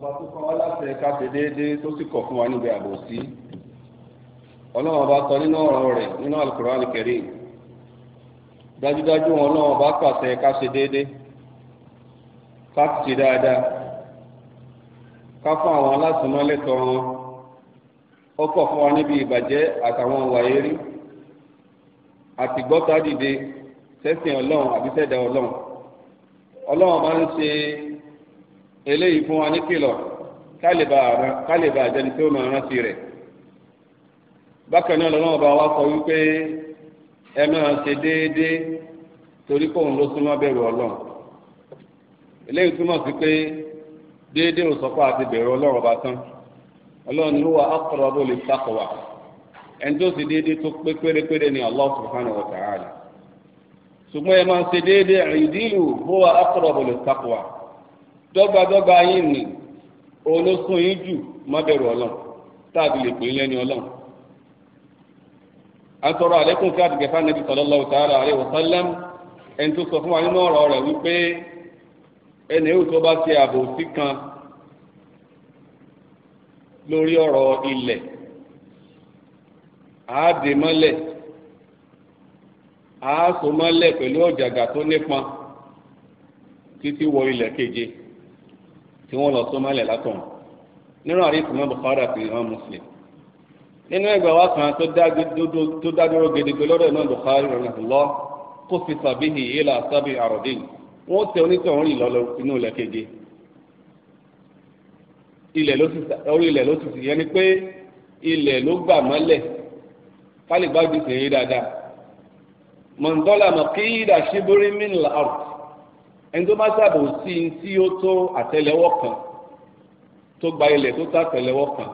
ọba tó kọ́ láti ẹ̀ka ṣe déédéé tó sì kọ̀ fún wa níbi àbòsí ọlọ́run ọba sọ nínú ọ̀rọ̀ rẹ̀ nínú Al-Qur'an Al-Karim dájúdájú wọn ọlọ́run ọba pàṣẹ ká ṣe déédéé ká ṣe dáadáa ká fún àwọn alásùnmọ́lẹ́tọ̀ wọn ó kọ̀ fún wa níbi ìbàjẹ́ àtàwọn ìwà èérí àti gbọ́tà dìde sẹ́sìn ọlọ́run àbí sẹ́dá ọlọ́run ọlọ́run máa ń ṣe eléyìí fún wa ní kìlọ̀ kálíbà àjẹni tí máa rántí rẹ̀ bákan náà ọba wa sọ wípé ẹ máa ṣe déédéé torí kóun ló súnmọ́ bẹ̀rù ọlọ́run eléyìí túmọ̀ sí pé déédéé ò àti bẹ̀rù ọlọ́run ọba tán ọlọ́run ní wà aqrabu lit-taqwa ẹni tó ṣe déédéé tó pé pérépéré ni Allah subhanahu wa ta'ala ṣùgbọ́n ẹ máa ṣe déédéé ìdílù wa. dọ́gbadọ́gba yín ni òun ló sún yín jù má bẹ̀rù ọlọ́run táàbí lè pè é lẹ́ni ọlọ́run. a ń sọ̀rọ̀ àlékún kí àtìgẹ́fà nàbí sallallahu ta'ala sọ fún wa nínú ọ̀rọ̀ rẹ̀ wípé ẹni tó bá ṣe kan lórí ọ̀rọ̀ ilẹ̀ àádé mọ́lẹ̀ pẹ̀lú ọ̀jàgà tó nípọn wọ ilẹ̀ keje. tí wọ́n lọ sọ́mọ́lẹ̀ látọ̀hún nínú àríkù mọ́ Bukhari àti Imam Muslim nínú ẹgbẹ́ wa kan tó dádúró gedegbe lọ́dọ̀ Imam Bukhari rahimahullah kó fi sàbíhì ilà sábì àròdìn wọ́n tẹ onítọ̀hún rìn lọ́lọ́ inú ilẹ̀ keje orí ilẹ̀ ló sì sì yẹn ni pé ilẹ̀ ló gbà mọ́lẹ̀ kálíbájú sì ń dáadáa mọ̀ńdọ́là mọ̀ kí ìdá ṣíbórí mí àrùt ẹni tó bá ṣàbò sí i tí ó tó àtẹ́lẹwọ́ kan tó gba ilẹ̀ tó tó àtẹ́lẹwọ́ kan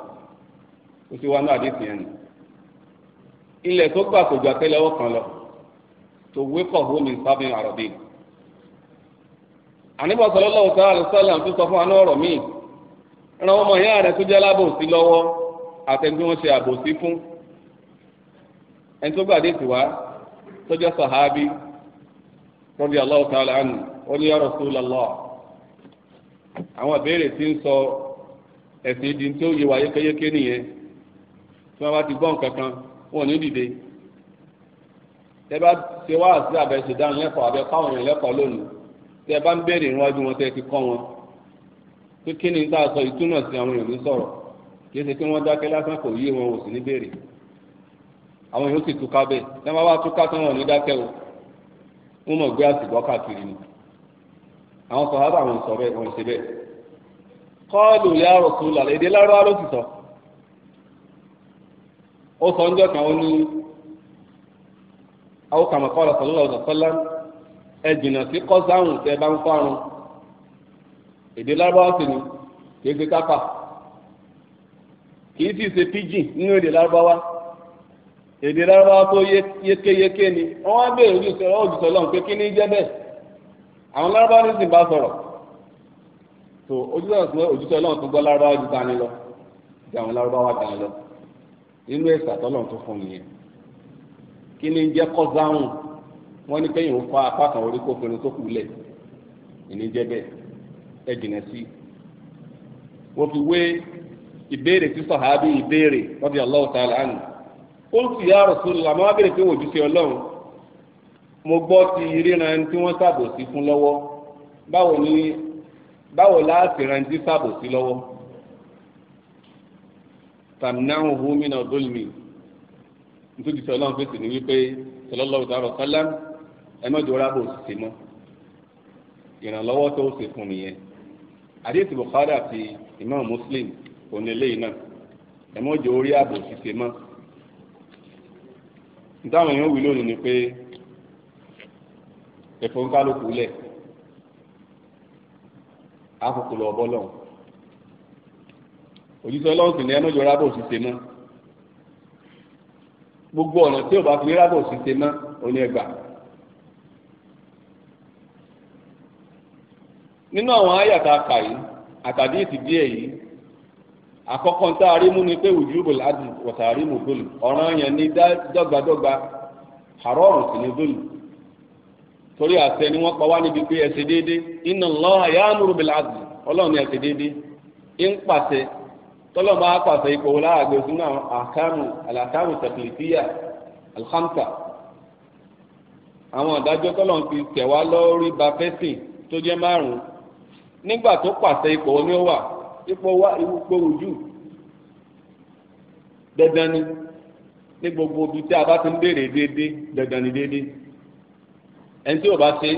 ó ti wá náà àdéhùn yẹn nù ilẹ̀ tó gbà kò ju àtẹ́lẹwọ́ kan lọ tó wékọ̀ hómi sábẹ́ àròbí àníbọ̀ sallallahu ta'ala sallam tó sọ fún wa ní ọ̀rọ̀ míì ran ọmọ ìyá rẹ tó jẹ́ alábòsí lọ́wọ́ àtẹni tí wọ́n ṣe àbòsí fún ẹni tó gbàdé tiwa tó jẹ́ sàhábí radiyallahu ta'ala anhu ó ní ya Rasulullah àwọn ìbéèrè tí ń sọ ẹ̀sìn ìdí tó yé wa yékéyéké nìyẹn tí wọ́n bá ti gbọ́ nǹkan kan wọn ò ní dìde tẹ bá ṣe wá sí abẹ ṣèdáhùn lẹ́kọ̀ọ́ abẹ káwọn èèyàn lẹ́kọ̀ọ́ lónìí tẹ bá ń béèrè níwájú wọn tẹ ti kọ́ wọn pé kí ni tá a sọ ìtúnà sí àwọn èèyàn ní sọ̀rọ̀ kì í ṣe wọ́n dákẹ́ lásán kò yé wọn ò sì ní béèrè àwọn èèyàn sì túká bẹ́ẹ̀ tẹ bá túká tán wọn ò ní dákẹ́ o wọ́n mọ̀ gbé àsìgbọ́ káàkiri ni àwọn sọ̀hábà wọn sọ bẹ́ẹ̀ wọn ṣe bẹ́ẹ̀ kọ́ọ̀lù ya Rasulullah èdè lárúbá ló ti sọ ó sọ ńjọ́ kan ó ní àwọn kàmọ́ kọ́ ọ̀rọ̀ sọ̀lọ́lọ́ ọ̀sọ̀ sọ́lá ẹ jìnnà sí tẹ bá ń èdè sì ni ni á kí ní àwọn lárúbáwá ní sì bá sọ̀rọ̀ tó ojútọ̀ sí ojútọ̀ ọlọ́run tó gbọ́ lárúbáwá ju dání lọ ju àwọn lárúbáwá dání lọ nínú ẹ̀sà tó fún kí ni jẹ́ kọ́sáhùn wọ́n ní kẹ́yìn ó apá kan orí tó kù lẹ̀ ìní jẹ́ bẹ́ẹ̀ ẹ jìnà sí i wọ́n fi wé ìbéèrè mo gbọ́ ti ríran ẹni tí wọ́n ṣàbòsí fún lọ́wọ́ báwo ni báwo láti ran ẹni tí ṣàbòsí lọ́wọ́ tàmínáhùn húmínà dólmì nítorí tí ọlọ́run fèsì ní wípé sọlọ́lọ́run tààrọ̀ sálá ẹ má jọra bò sí mọ́ ìrànlọ́wọ́ tó ṣe fún mi yẹn àdéhùn Bukhari àti Imam Muslim onílé náà ẹ má jọ orí àbò ṣiṣẹ́ mọ́ nítawọn èèyàn wí lónìí ni pé ẹ̀fọ́ ń kálukú lẹ̀ àkókò lọ bọ́ lọ́hùn òjíṣẹ́ ọlọ́run sì ní ẹnu yọ rábò ṣiṣẹ́ mọ́ gbogbo ọ̀nà tí ò bá fi rábò ṣiṣẹ́ mọ́ òní ẹgbà nínú àwọn àyàtà kà yìí àtàdé ìtì díẹ̀ yìí àkọ́kọ́ tá a rí mú ni pé wùjúbò ládùn wọ̀tà rí dòlù ọ̀ràn yẹn ní dọ́gbadọ́gba àrọ́ọ̀rùn sì ní dòlù torí àṣẹ ni wọ́n pa wá níbi pé ẹ déédéé inna Allaha ya'muru bil 'adli ọlọ́run ni ẹ ṣe déédéé ń pàṣẹ tọ́lọ́ máa pàṣẹ ipò láàgbé sínú àwọn àkàmù àlàkàmù taqlifiyya al-khamsa àwọn àdájọ́ tọ́lọ́ fi tẹ̀ wá lórí ba fẹ́sìn tó jẹ́ márùn-ún nígbà tó pàṣẹ ipò ni ó wà ipò wá ipò ojú dandan ni ní gbogbo ibi tí a bá ti ń béèrè déédéé dandan ni déédéé ẹni tí ò bá ṣe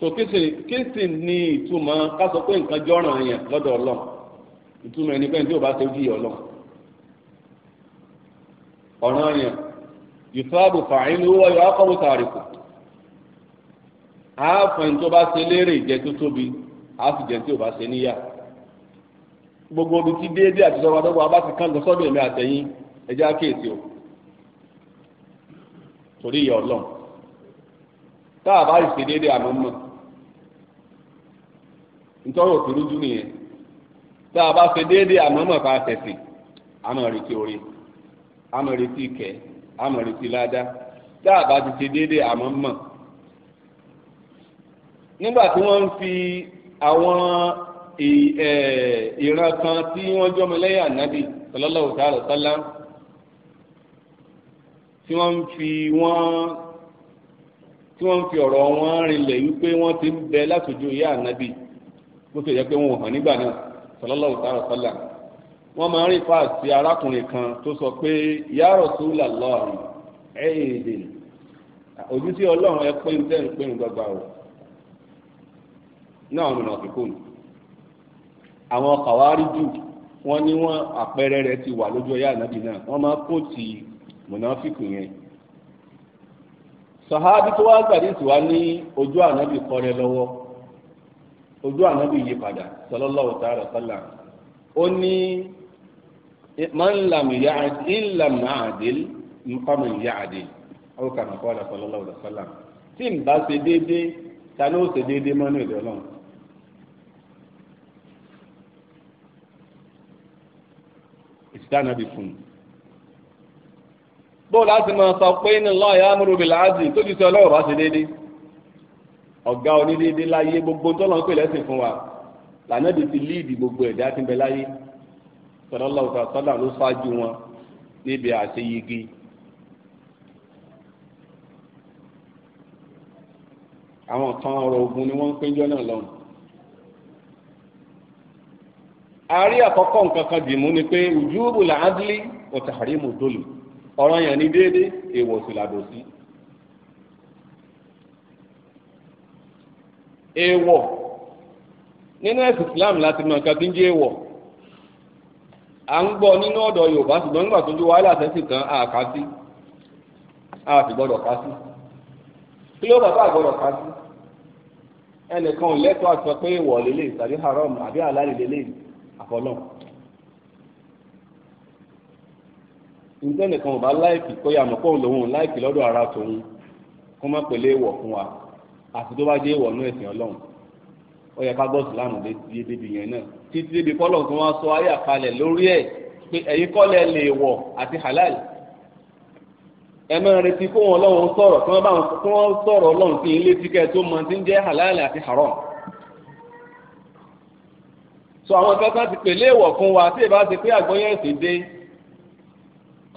tó kìsì ní ìtumọ̀ ká sọ pé nǹkan jọ́ràn yẹn lọ́dọ̀ ọlọ́run ìtumọ̀ ẹni pé ẹni tí ò bá ṣe bí ọlọ́run ọ̀ràn yẹn yùtọ́bù fàáyín ló wọ́yọ̀ akọ́bù tààríkù àáfẹ̀yìn tó bá ṣe léèrè ìjẹ́ tó tóbi àáfì jẹ́ tí ò bá ṣe níyà gbogbo ibi tí déédéé àti ìjọba bá ti kán lọ èmi àtẹ̀yìn ẹjẹ́ àkéèsì o torí ìyá ọlọ́run táà bá ìṣe déédéé àmọ́ mọ̀ nítorí òkúrú dún nìyẹn táà bá ṣe déédéé àmọ́ mọ̀ bá tẹ̀sìn àmọ̀ retí orí àmọ̀ retí ìkẹ́ àmọ̀ retí ládá táà bá ti ṣe déédéé àmọ́ mọ̀ nígbà tí wọ́n ń fi àwọn ìran kan tí wọ́n jọ́mọ lẹ́yìn ànábì sallallahu ta'ala tí wọ́n ń fi wọ́n tí wọ́n ń fi ọ̀rọ̀ wọn rinlẹ̀ wípé wọ́n ti ń bẹ látòjú ìyá ànábì bó ṣe yẹ pé wọn ò hàn nígbà náà sallallahu ta'ala sallam wọ́n máa ń rìn fáà sí arákùnrin kan tó sọ pé ya Rasulullah ẹ̀ẹ́dè òjú sí ọlọ́run ẹ pé ń tẹ́ ń pé ń gbọgbà o náà ọ̀nà òkìkò nù àwọn kàwárí jù wọ́n ní wọ́n àpẹẹrẹ rẹ̀ ti wà lójú ọyá ànábì náà wọ́n máa kó ti mùnáfíkù yẹn sọ̀hábí tó wá gbàdísì wá ní ojú ànábì kọ́rẹ́ lọ́wọ́ ojú ànábì yí padà sallallahu ta'ala sallam ó ní man lam ya'dil in lam na'dil faman ya'dil ó kà mí kọ́ra sallallahu ta'ala sallam tí n bá ta ló ṣe déédéé mọ́nú fún bó láti máa sọ pé inna Allah ya'muru bil 'adli tó ti sọ ọlọ́run bá ṣe ọ̀gá láyé gbogbo tó lọ́n pè lẹ́sìn fún wa lànàbì ti líìdì gbogbo ẹ̀dá tí bẹ láyé sallallahu alaihi wasallam ló ṣáájú wọn níbi àṣeyege. àwọn kan ogun ni wọ́n ń péjọ́ náà àárí àkọ́kọ́ nǹkan kan dì mú ni pé ọ̀rọ̀ yẹn ní déédé èèwọ̀ sì làdò sí. èèwọ̀ nínú ẹ̀sìn Islam láti mọ nǹkan tí ń jẹ́ èèwọ̀ à ń gbọ́ nínú ọ̀dọ̀ Yorùbá ṣùgbọ́n nígbà tó ń jẹ́ wàhálà sẹ́sìn kan àká sí a sì gbọ́dọ̀ ká sí kí ló bàbá àgbọ́dọ̀ ká sí ẹnìkan ò lẹ́tọ̀ọ́ àti sọ pé èèwọ̀ lélẹ̀ tàbí haram àbí àlálẹ̀ lélẹ̀ àfọlọ́ọ̀ ntẹnìkan ò bá láìkì kó yà mọ̀ kó lòun láìkì lọ́dọ̀ ara tòun kó má pèlè ìwọ̀ fún wa àti tó bá jẹ́ ìwọ̀ nú ẹ̀sìn ọlọ́run ó yẹ ká gbọ́ sùlámù dé débi yẹn náà títí débi kọ́lọ̀ tó wá sọ ayé àkàlẹ̀ lórí ẹ̀ pé ẹ̀yin kọ́lẹ̀ lè wọ̀ àti halal ẹ máa retí kó wọn lọ́wọ́ sọ̀rọ̀ kí wọ́n bá wọn sọ̀rọ̀ ọlọ́run sí ilé tíkẹ́ tó mọ tí ń jẹ́ halal àti haram sọ àwọn kankan ti pèlè ìwọ̀ fún wa tí ì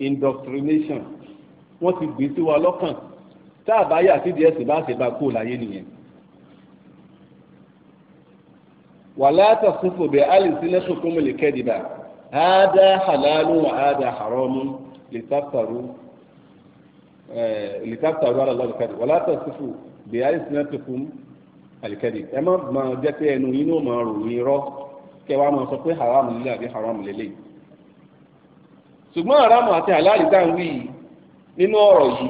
indoctrination wọ́n ti gbé sí wa lọ́kàn tá a bá yà sí díẹ̀ sí bá ṣe bá kó láyé nìyẹn. wàlá tàṣífò bẹ alìsílẹ̀ṣọ̀ kó mọ̀lẹ̀ kẹ́dìbà áádá hàlálù áádá hàrọ́mù lìtàtàrú lìtàtàrú àlọ́lọ́ kẹ́dìbà wàlá tàṣífò bẹ alìsílẹ̀ṣọ̀ kó alikadi ẹ má máa jẹ pé ẹnu yín ní ó máa ròyìn irọ́ kẹ wàá máa sọ pé haram lílẹ àbí haram lélẹyìí ṣùgbọ́n Aramu àti àláàlì tá à ń wí yìí nínú ọ̀rọ̀ yìí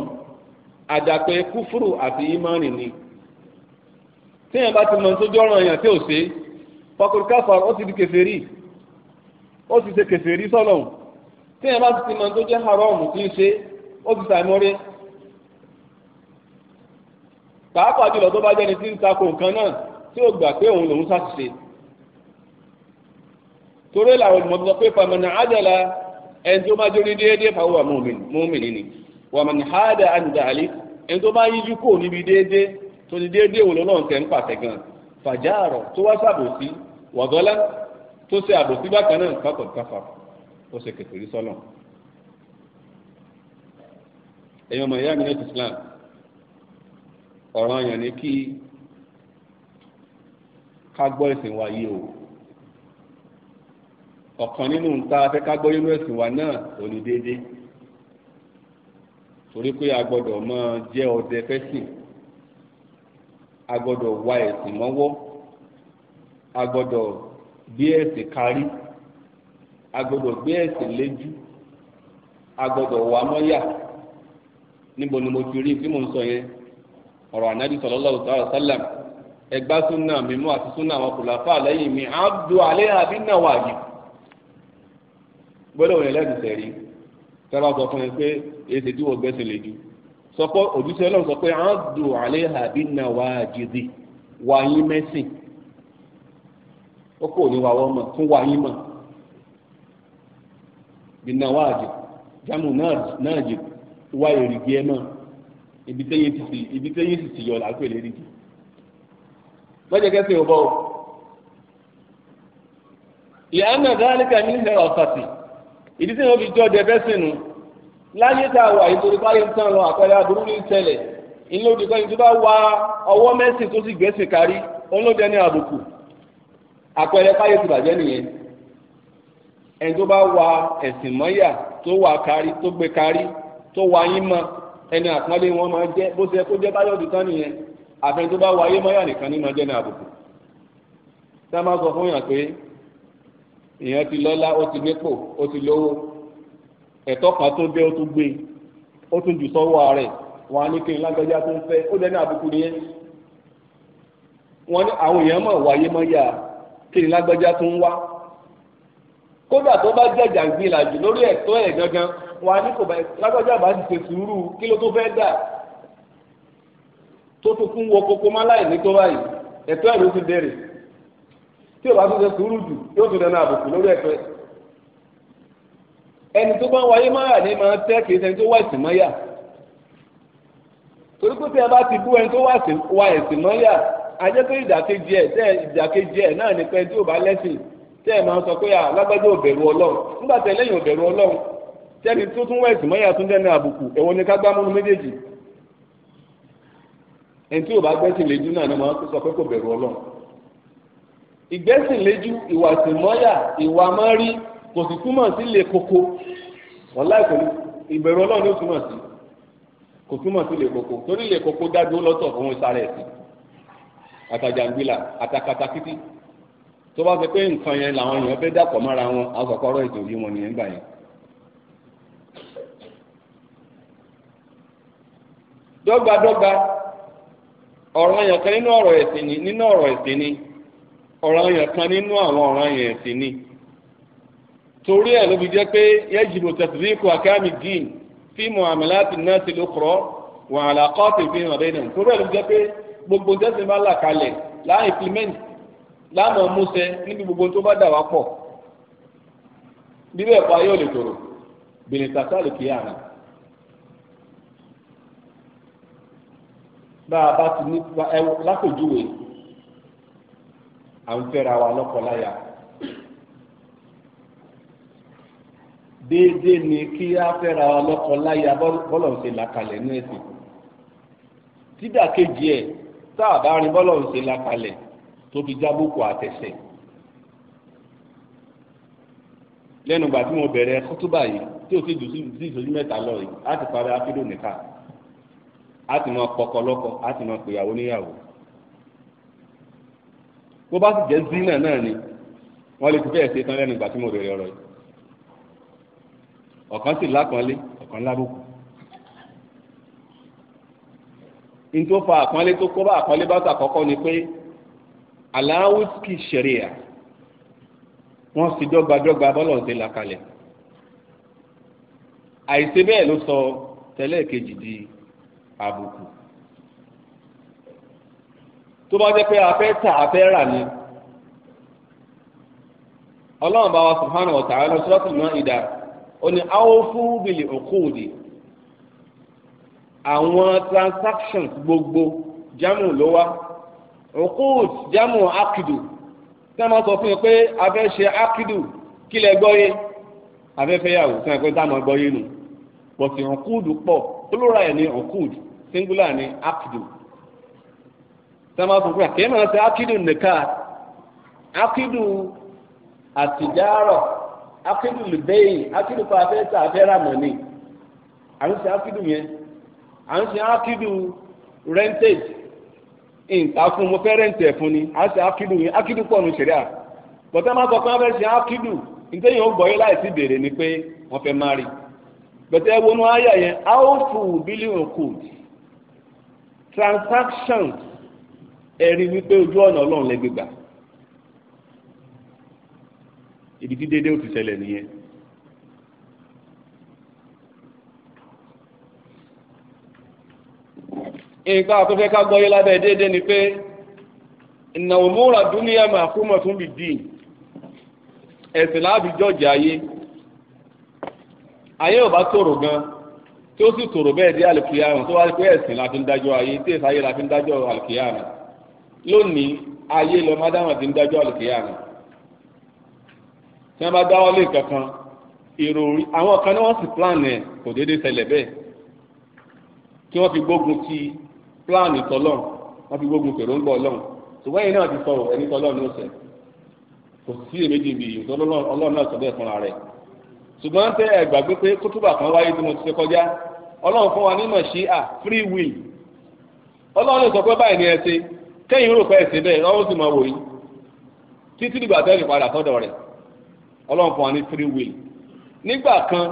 àdàpẹ́ kúfúrù àti ìmánì ni téèyàn bá ti mọ tó jọ́ràn èèyàn tí ò ṣe káfà ó ti di kèfèrí ó ti ṣe kèfèrí sọ́nà téèyàn bá ti mọ tó jẹ́ haramu tí ń ṣe ó ti ṣàìmọ́rẹ́ pàápàá jùlọ tó bá jẹ́ni tí ń takò nǹkan náà tí ó gbà pé òun ẹni tó bá jóni déédéé fàwọn wà mọ́mìnì ni wà mọ̀ ní hádà àǹdàlí ẹni tó bá yíjú kò níbi déédéé tó ní déédéé wò lọ́nà tẹ̀ ń pàṣẹ gan fàjáàrọ̀ tó wá sàbòsí wàgọ́lá tó ṣe àbòsí bákan náà kákọ̀ káfà ó ṣe kẹfìrí sọ́nà. ẹ̀yin ọmọ ìyá mi ní Islam ọ̀ràn àyàn ni kí ká gbọ́ ẹ̀sìn wa o ọ̀kan nínú nta afẹ́kágbọ́ inú ẹ̀sìn wa náà ò ní déédéé torí pé a gbọ́dọ̀ máa jẹ́ ọdẹ fẹ́sìn a gbọ́dọ̀ wá ẹ̀sìn mọ́wọ́ a gbọ́dọ̀ gbé ẹ̀sìn kárí a gbọ́dọ̀ gbé ẹ̀sìn léjú a gbọ́dọ̀ wà mọ́yà níbo ni mo ti rí tí mo ń sọ yẹn ọ̀rọ̀ ànábì sallallahu ta'ala sallam ẹgbá súnà mímú àti súnà àwọn kòlàfà lẹ́yìn mi á do alẹ́ yìí. gbọ́dọ̀ rẹ̀ lẹ́nu tẹ̀rí tẹ́lá sọ fún mi pé èsì tí wọ́n gbẹ́sìn lè ju sọ pé òjúṣe sọ pé dùn àbí nà wá jìdì wà yín ó kò ní wàá wọ́n mọ̀ fún wà yín mọ̀ bí nà wá jì jámù náà jì wá èrìgì ẹ mọ̀ ibi tẹ́yìn sì ti yọ lọ́jọ́ kẹsàn-án ìdí tí wọn fi jọ dẹbẹ sínú láyé tá a wà ìtòrí báyìí ń tàn lọ àpẹẹrẹ aburú ní ìtẹlẹ ìlú òdì kan ìtúbà wa ọwọ́ mẹ́sìn tó sì gbẹ́sìn kárí olóde ní àbùkù àpẹẹrẹ báyìí ti bàjẹ́ nìyẹn ẹni tó bá wa ẹ̀sìn mọ́yà tó wà kárí tó gbé kárí tó wà yín mọ́ ẹni àpọ́nlé wọn máa jẹ́ bó ṣe kó jẹ́ báyọ̀ òdì tán nìyẹn àfẹn tó bá wa ayé mọ́yà nìkan ní máa jẹ́ ní àbùkù tá sọ fún yàn pé èèyàn ti lọ́lá ó ti nípò ó ti lówó ẹ̀tọ́ kan tó dé ó tún gbé ó tún jù sọ́wọ́ rẹ̀ wọn á ní kí n lágbájá tó ń fẹ́ ó lẹ́nu àbùkù nìyẹn wọn ní àwọn èèyàn mọ̀ wáyé mọ́ yá kí n lágbájá tó ń wá kódà tó bá jẹ́ jàǹgbìlàjù lórí ẹ̀tọ́ ẹ̀ gangan wọn á ní kò bá lágbájá bá ti ṣe sùúrù kí ló tó fẹ́ dà tó tún kún wo kókó má láì ní tó báyìí ẹ̀tọ́ ẹ̀ ló ti bẹ̀rẹ̀ tí o bá tún ṣe sùúrù jù yóò tún dẹnu àbùkù lórí ẹ̀fẹ́ ẹni tó bá ń wáyé máyà ní máa tẹ́ kìí ṣẹni tó wá mọ́yà torí ti bú ẹni tó wá ìsìn mọ́yà ajẹ́ ìdàkejì ẹ̀ tẹ́ ìdàkejì ẹ̀ náà ni pé tí o bá lẹ́sìn tẹ́ ẹ máa sọ pé alágbájá ò ọlọ́run nígbà tẹ́ lẹ́yìn ọlọ́run tẹ́ni tó tún wá mọ́yà tún àbùkù ẹ̀wọ̀n ni ká gbá múnú méjèèjì ẹni tí o bá gbẹ́sìn ìgbẹ́sìnléjú ìwà ìsìnmọ́yà ìwà mọ́rí kò sì túmọ̀ sí lè koko wọn láì pẹ̀lú ìbẹ̀rù ọlọ́run ló túmọ̀ sí kò túmọ̀ sí lè koko torí lè koko dájú lọ́tọ̀ fún ìsàrà ẹ̀sìn àtàjàngbìlà àtàkàtàkìtì tó bá fẹ́ pé nǹkan yẹn làwọn èèyàn fẹ́ dàpọ̀ mọ́ra wọn àkọ́kọ́rọ́ ètò yìí wọn nìyẹn gbà yẹn. dọ́gbadọ́gba ọ̀rọ̀ yẹn nínú ọ̀rọ̀ ẹ̀sìn ni nínú ọ̀rọ̀ ẹ̀sìn ni ọ̀ràn yẹn kan nínú àwọn ọ̀ràn yẹn sì ni torí ẹ̀ ló fi jẹ́ pé yẹ́jìbò tẹ̀síríkù àkáàmì dín fíìmù àmàlàtì náà ti ló kọ́ wọn àlàkọ́ọ̀tì fi hàn bẹ́ẹ̀ náà torí ẹ̀ ló fi jẹ́ pé gbogbo tẹ́sí máa là kalẹ̀ láà implement láàmú ọmúṣẹ níbi gbogbo tó bá dà wá pọ̀ bíbẹ̀ pa yóò lè tòrò bèrè tàtà lè kí àná. bá a bá ti ní lápèjúwe à ń fẹ́ra wa lọ́kọláya déédéé ni kí á fẹ́ra wa lọ́kọláya bọ́lọ̀ ń ṣe làkàlẹ̀ ní ẹ̀sìn dídàkejì ẹ̀ tá a bá rin bọ́lọ̀ ń ṣe làkàlẹ̀ tó fi jábùkù àtẹ̀sẹ̀ lẹ́nu ìgbà tí mo bẹ̀rẹ̀ kọ́túbà yìí tí o ti dùn sí ìṣojú mẹ́ta lọ yìí á ti parí akídò nìka á ti mọ pọkọ lọ́kọ á ti mọ pèyàwó níyàwó bó bá sì jẹ́ zina náà ni wọ́n lè ti bẹ́ẹ̀ ṣe tán lẹ́nu ìgbà tí mo rèrè ọ̀rọ̀ yìí ọ̀kan sì lápọ́nlé ọ̀kan lábùkù ní tó fa àpọ́nlé tó kó bá àpọ́nlé bá sàkọ́kọ́ ni pé aláwùsíkì ṣẹ̀ríà wọ́n sì dọ́gbadọ́gba bọ́lọ̀ ṣe là kalẹ̀ àìṣe bẹ́ẹ̀ ló sọ tẹ́lẹ̀ kejì di àbùkù tó bá jẹ́ pé a fẹ́ tà a fẹ́ rà ni ọlọ́run bá wa subhanahu wa ta'ala suratul Maida ó ní awfu bil uqudi àwọn transactions gbogbo jamu ló wá uqud jamu akidu tí wọ́n sọ fún mi pé a fẹ́ ṣe akidu kí lẹ gbọ́ yé a fẹ́ fẹ́ yàwó tí wọ́n pẹ́ táwọn gbọ́ yé nù bọ̀sì uqud pọ̀ plural ẹ̀ ní uqud singular ní akidu. sọ́mọ́ sọ pé àkèémọ̀ akidu ákídù akidu ákídù akidu ákídù akidu pa pàfẹ́sà àfẹ́ràmọ̀ ni à ń ṣe ákídù yẹn à ń ṣe akidu rentage nǹkan fún mo fẹ́ à ń ṣe akidu yẹn ákídù pọ̀ nù ṣẹ̀ríà bọ́tẹ́ máa sọ pé wọ́n akidu ṣe ákídù nítorí yóò gbọ́ yín láìsí béèrè ni pé wọ́n fẹ́ má rí transactions ẹ rí wípé ojú ọ̀nà ọlọ́run lẹ gbégbà ibi tí déédéé ò ti ṣẹlẹ̀ nìyẹn. nǹkan àtúnfẹ́ ká gbọ́yé lábẹ́ déédéé ni pé ìnà òmùra dúníyà máa kú mọ̀ fún bìdì ẹ̀sìn láàbì jọ́ọ̀jì ayé ayé ò bá tòrò gan tí ó sì tòrò bẹ́ẹ̀ dé àlùkìyàmù tó wá pé ẹ̀sìn la ń dájọ́ ayé tí èsì ayé la ń dájọ́ àlùkìyàmù lónìí ayé lọ mádàmà ti ń dájọ́ àlùkìyà rẹ̀ tí wọ́n bá dáwọ́ lé kankan ìròrí àwọn kan náà wọ́n sì plan ẹ̀ kò déédéé ṣẹlẹ̀ bẹ́ẹ̀ kí wọ́n fi gbógun ti plan tọ́lọ́n wọ́n fi gbógun pèròǹgbà ọlọ́run ṣùgbọ́n ẹ̀yin náà ti sọ ẹni tọ́lọ́run ló sẹ̀ kò sí èméjì bí ọlọ́run náà sọ bẹ́ẹ̀ fúnra rẹ̀ ṣùgbọ́n tẹ́ ẹ pé kótóbà kan wáyé tí mo ti ṣe kọjá ọlọ́run fún wa nímọ̀ sí à free will ọlọ́run lè sọ pé báyìí ni ẹ ṣe tẹ́yìn rò fẹ́ẹ̀ sí bẹ́ẹ̀ ọwọ́ sì máa wò yí títí dìgbà tẹ́yìn padà sọ́dọ̀ rẹ̀ ọlọ́run fún wa ní free will nígbà kan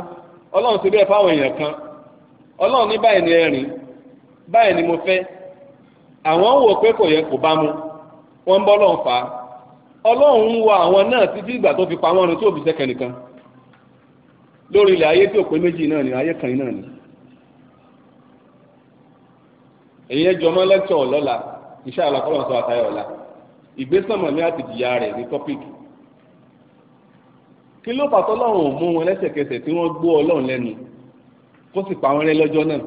ọlọ́run ti bẹ́ẹ̀ fáwọn èèyàn kan ọlọ́run ní báyìí ni ẹ̀rìn báyìí ni mo fẹ́ àwọn wò pé kò yẹ kò bá mu wọ́n ń bọ́ ọlọ́run fà á ọlọ́run ń wo àwọn náà títí ìgbà tó fi pa wọ́n run tí òbí sẹ́kẹ̀ nìkan lórí ilẹ̀ ayé tí ò pé méjì náà ni ayé kan náà ni èyí ẹ jọmọ́ lẹ́tọ̀ lọ́la iṣẹ́ àlọ́kọ́lọ́ sọ àtayọ̀ ọ̀la ìgbésànmọ̀ ní àtìjìyà rẹ̀ ní tọ́píìkì kí ló pàtó lọ́rùn ò mú wọn lẹ́sẹ̀kẹsẹ̀ tí wọ́n gbọ́ ọlọ́run lẹ́nu kó sì pa wọn rẹ́ lọ́jọ́ náà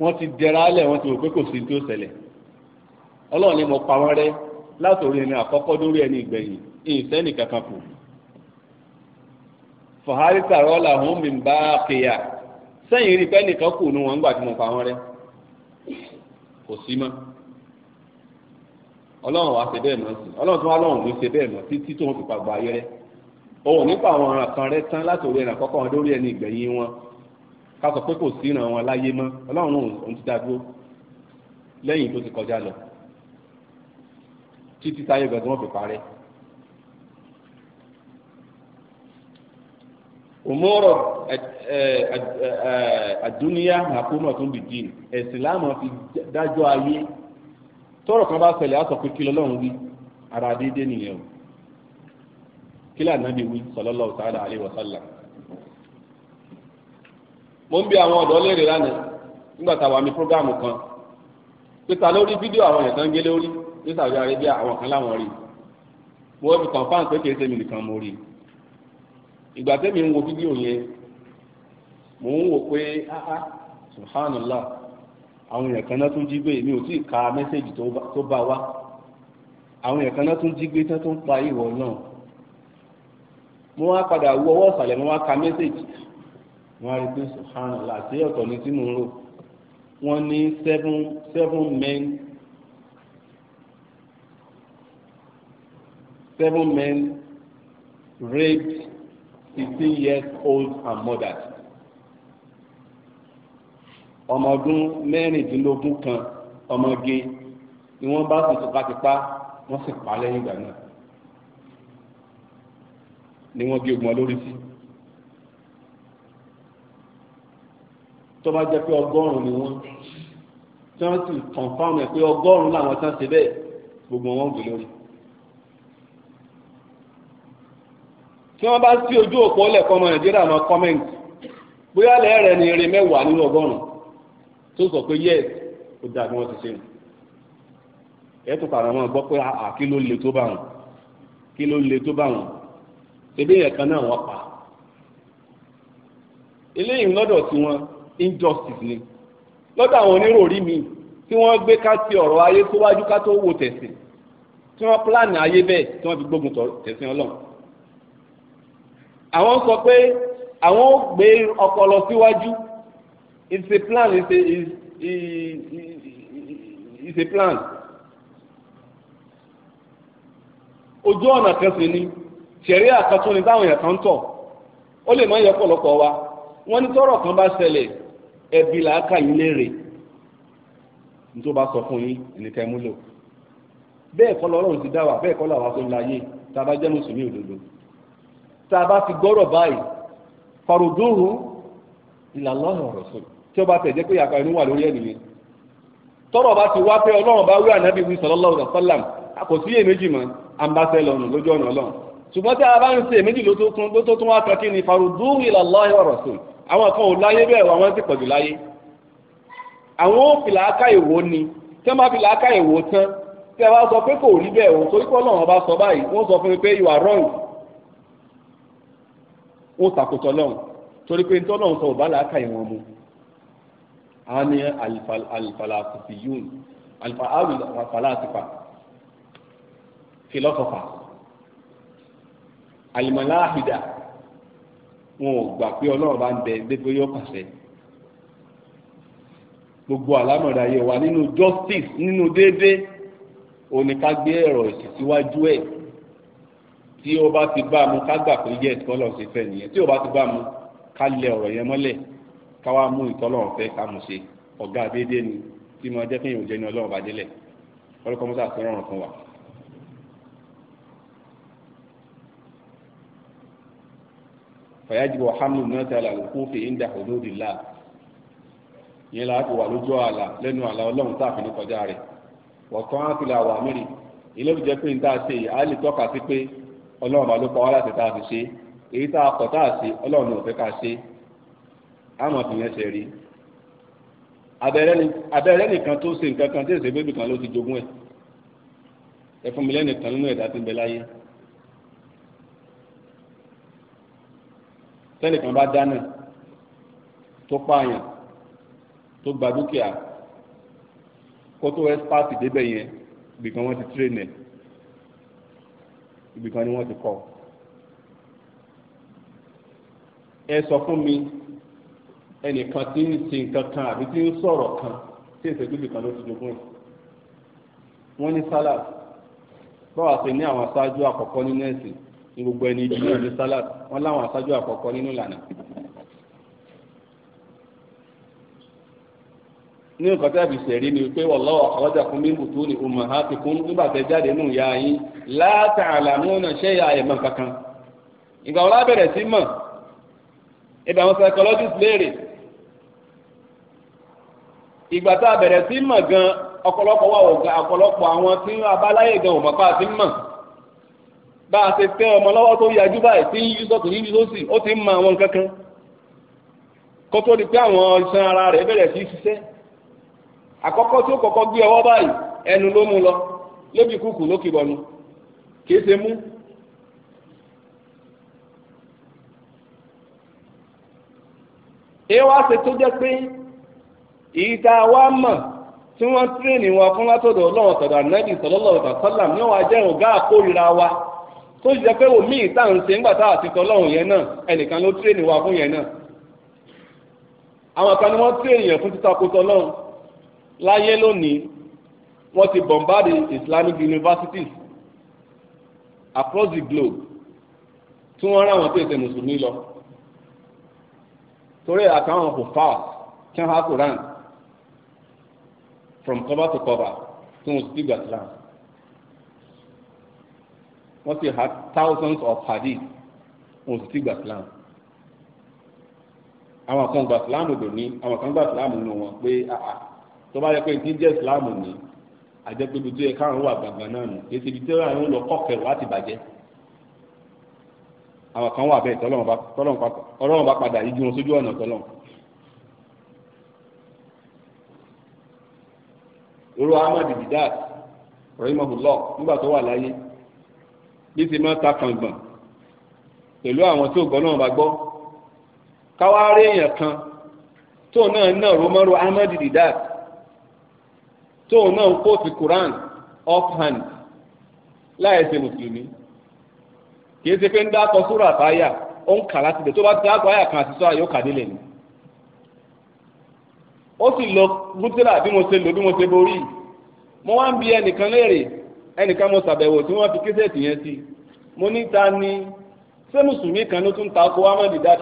wọ́n ti dẹra alẹ̀ wọ́n ti rò pé kò sí tí ó ṣẹlẹ̀ ọlọ́run ni mo pa wọn rẹ́ látòrí ẹni àkọ́kọ́ dórí ẹni ìgbẹ̀yìn ìsẹ́nì kankan kù fọ̀hárí tààrọ́ làwọn mi bá kéya sẹ́yìn rí pẹ́ nìkan kù ní wọn gbà tí mo pa wọn rẹ́ kò sí mọ́ ọlọ́run wá ṣe bẹ́ẹ̀ mọ́ sí ọlọ́run tó wá lọ́run ló ṣe bẹ́ẹ̀ mọ́ títí tó wọn fi pàgbà ayé rẹ òun nípa àwọn ọ̀ràn kan rẹ tán láti orí ẹ̀ràn kọ́kọ́ wọn lórí ẹni ìgbẹ̀yìn wọn ká sọ pé kò sí ìran wọn láyé mọ́ ọlọ́run òun ti dá dúró lẹ́yìn tó ti kọjá lọ títí táyé gbẹ̀dẹ̀ wọn fi parẹ́ umoro eh, eh, aduniya eh, hakuma tun bi din ẹ̀sìn láàmú fi dájọ́ ayé tọrọ kan bá ṣẹlẹ̀ á sọ pé kí lọ́lọ́run wí ara déédéé nìyẹn o ta'ala mo ń bi àwọn ọ̀dọ́ léèrè lánàá nígbà táwa mi prógáàmù kan pété lórí fídíò àwọn èèyàn tó ń ní Saudi àwọn kan láwọn rí wọ́n fi kàn fáǹsì pé ìgbà tẹ́mi ń wo fídíò yẹn mò ń wò pé áá subhanallah àwọn èèyàn kan náà tún jí gbé mi ò tí ì ka mẹ́sẹ̀gì tó bá wá àwọn èèyàn kan náà tún jí gbé tó ń pa ìwọ náà mo wá padà wú ọwọ́ ìsàlẹ̀ mo wá ka mẹ́sẹ̀gì mo wá rí pé subhanallah àti ọ̀tọ̀ ni tí mò ń rò wọ́n ní seven seven men seven men raped sixteen years old and murdered ọmọ ọdún mẹ́rìndínlógún kan ọmọge ni wọ́n bá sùn tipátipá wọ́n sì pa lẹ́yìn ìgbà náà ni wọ́n gé ogun lórí sí tó bá jẹ́ pé ọgọ́rùn-ún ni wọ́n tí wọ́n sì kọ̀ǹfàmù ẹ̀ pé ọgọ́rùn-ún làwọn tán ṣe bẹ́ẹ̀ gbogbo wọn gbé lórí. tí wọ́n bá sí ojú òpó lẹ́kọ́ ọmọ nàìjíríà máa kọ́mẹ́ǹtì bóyá lẹ́ẹ̀rẹ̀ ni eré mẹ́wàá nínú ọgọ́rùn-ún tó sọ pé yẹ́ẹ̀ ó dáa bí wọ́n ti ṣe nù ẹ̀ tó kàrà wọn gbọ́ pé à kí ló le tó bá wọn kí ló le tó bá wọn ṣebí yẹn kan náà wọ́n pa eléyìí lọ́dọ̀ tí wọ́n injustice ni lọ́dọ̀ àwọn oníròrí mi tí wọ́n gbé ká ti ọ̀rọ̀ ayé tó wájú ká tó wo tẹ̀sìn tí wọ́n pílánì ayé bẹ́ẹ̀ tí wọ́n fi gbógun tẹ̀sìn ọlọ́run àwọn sọ pé àwọn ò gbé ọpọlọ síwájú it's a plan it's a it's a plan ojú ọ̀nà kan sì ni ṣẹ̀rí àkàtún ni táwọn èèyàn kan ń tọ̀ ó lè má yẹ pọ̀lọpọ̀ wa wọ́n ní tọ́rọ̀ kan bá ṣẹlẹ̀ ẹbí làákà yín léèrè ní tó bá sọ fún yín ẹnìkan múlò bẹ́ẹ̀ kọ́ lọ́rùn ti dá wa bẹ́ẹ̀ kọ́ làwọn aṣọ ńlá yé tá a bá jẹ́ mùsùlùmí òdodo tá a bá fi gbọ́rọ̀ báyìí farodóhu ìlànà ọ̀rọ̀ sọ tí ó bá tẹ̀ jẹ́ pé yàtọ̀ inú wà lórí ẹ̀nìyẹn tọ́rọ̀ bá ti wá pé ọlọ́run bá wí ànábì wí sallallahu alaihi wasallam kò sí èméjì mọ́ àǹbáṣẹ́ lọ́nà lójú ọ̀nà ọlọ́run ṣùgbọ́n tí a bá ń ṣe èméjì ló tó tún wá kan kí ni farodóhu ìlànà ọ̀rọ̀ sọ àwọn kan ò láyé bẹ́ẹ̀ àwọn ti pọ̀jù láyé àwọn ò fìlà aká ìwò ni tí wọ́n bá fìlà aká ìwò tán tí a bá sọ pé kò rí bẹ́ẹ̀ o torí pé ọlọ́run bá sọ báyìí wọ́n sọ fún mi pé you are wrong wọ́n takòtọ́ lọ́hùn torí pé nítorí ọ̀hún sọ ọ̀bá làákà ìwọ̀n mu àwọn ni alifalasifi yún alifalasifa filosofa alimalahida wọn ò gbà pé ọlọ́run bá ń bẹ gbégbé yóò pàṣẹ gbogbo àlámọ̀dá yẹ wà nínú justice nínú déédéé òní ká gbé ẹ̀rọ ìsìsíwájú ẹ̀ tí ó bá ti bá mu ká gbà pé yẹ ìtọ́lọ̀ ṣe fẹ́ nìyẹn tí ó bá ti bá mu ká lẹ ọ̀rọ̀ yẹn mọ́lẹ̀ ká wá mú ìtọ́lọ̀ fẹ́ ká mú ṣe ọ̀gá déédé ni tí mo jẹ́ kéèyàn jẹ́ ní ọlọ́run bá délẹ̀ ọlọ́kọ́ mọ́sá fẹ́ rọrùn fún wa. fàyájú ọ̀hámù náà ti àlàlù kún fi ń dà òdòdì láà yẹn láti wà lójú àlà lẹ́nu àlà ọlọ́run tá a ṣe yìí ọlọ́run bá ló pa wá láti tá a fi ṣe èyí tá a kọ̀ tá a ṣe ọlọ́run ní òfẹ́ ká ṣe á mọ̀ fi yẹn ṣe rí abẹ́rẹ́ nìkan tó ṣe nǹkan kan tí èsè bébì kan ló ti jogún ẹ̀ ẹ fún mi lẹ́nìkan nínú ẹ̀dá tí ń bẹ láyé tẹ́nìkan bá dáná tó pààyàn tó gba dúkìá kó tó ẹ́ pààtì débẹ̀ yẹn bìkan wọ́n ti tírèènì ẹ̀ ibi kan ni wọ́n ti kọ́ ẹ sọ fún mi ẹnìkan tí ń ṣe nǹkan kan àbí tí ń sọ̀rọ̀ kan tí èsè gbígbì kan ló ti jogún ẹ̀ wọ́n ní salad báwa ṣe ní àwọn aṣáájú àkọ́kọ́ nínú ẹ̀sìn ní gbogbo ẹni ibi náà ní salad wọ́n láwọn aṣáájú àkọ́kọ́ nínú ìlànà ní nǹkan tẹ́lẹ̀ fi sẹ̀rí ni pé wallahu akhrajakum min butuni ummahatikum nígbà tẹ́ jáde nù ya yín la ta'lamuna shay'a àyẹ̀mọ̀ kankan. ìgbà wọn lábẹ̀rẹ̀ sí mọ̀ ìgbà wọn psychologist léèrè ìgbà tá a bẹ̀rẹ̀ sí mọ̀ gan ọ̀pọ̀lọpọ̀ wà ọ̀gá ọ̀pọ̀lọpọ̀ àwọn tí abáláyé gan ò mọ̀ pa àti mọ̀ bá a ṣe tẹ ọmọ lọ́wọ́ tó yájú báyìí tí ń àkọ́kọ́ tí ó kọ́kọ́ gbé ọwọ́ báyìí ẹnu ló lọ lóbi kúkú lókè bọnu kìí ṣe mú. èyí wá ṣe tó jẹ́ pé ìta wa mọ̀ tí wọ́n tírèèni wọn fún látọ̀dọ̀ tọ̀dọ̀ ànábì sọlọ́lọ́ ní wa tó jẹ́ pé omi ìta ń ṣe ńgbà tá yẹn náà ẹnìkan ló wa fún yẹn náà àwọn kan ni wọ́n fún láyé lónìí wọ́n ti bombard Islamic universities across the globe tí wọ́n rán àwọn tó ètè mùsùlùmí lọ torí àtàwọn kò fà kí wọ́n há Quran from cover to cover tí wọ́n ti gbà Islam wọ́n ti had thousands of hadith wọ́n ti gbà Islam àwọn kan gbà Islam òdò ní àwọn kan gbà Islam nù wọn pé àà tó bá yẹ pé ní jẹ́ ìsìláàmù ni àjẹpébi tó yẹ káwọn wà gbàgbà náà nù èsì ibi tí wọn lọ kọkẹrù láti bàjẹ́ àwọn kan wà bẹ́ẹ̀ tọ́lọ́run bá padà yíjú wọn sójú ọ̀nà tọ́lọ́run. irú ahmed didat rahimahullah nígbà tó wà láyé bí ti máa ta kàngbọ̀n pẹ̀lú àwọn tí ògbọ́n náà bá gbọ́ káwá rí èèyàn kan tó náà náà romero ahmed didat tóun náà ń Quran offhand láì mùsùlùmí kì í ṣe pé ń dákọ sórí àtàyà ó ń kà láti dè tó bá ti dákọ àyà kan àti sọ́ra nílẹ̀ ó sì lọ rútìlà bí mo ṣe lò bí mo ṣe borí mo wá ń bi ẹnìkan léèrè ẹnìkan mo tí wọ́n fi yẹn sí mo ni ṣé mùsùlùmí kan tún ta ko dat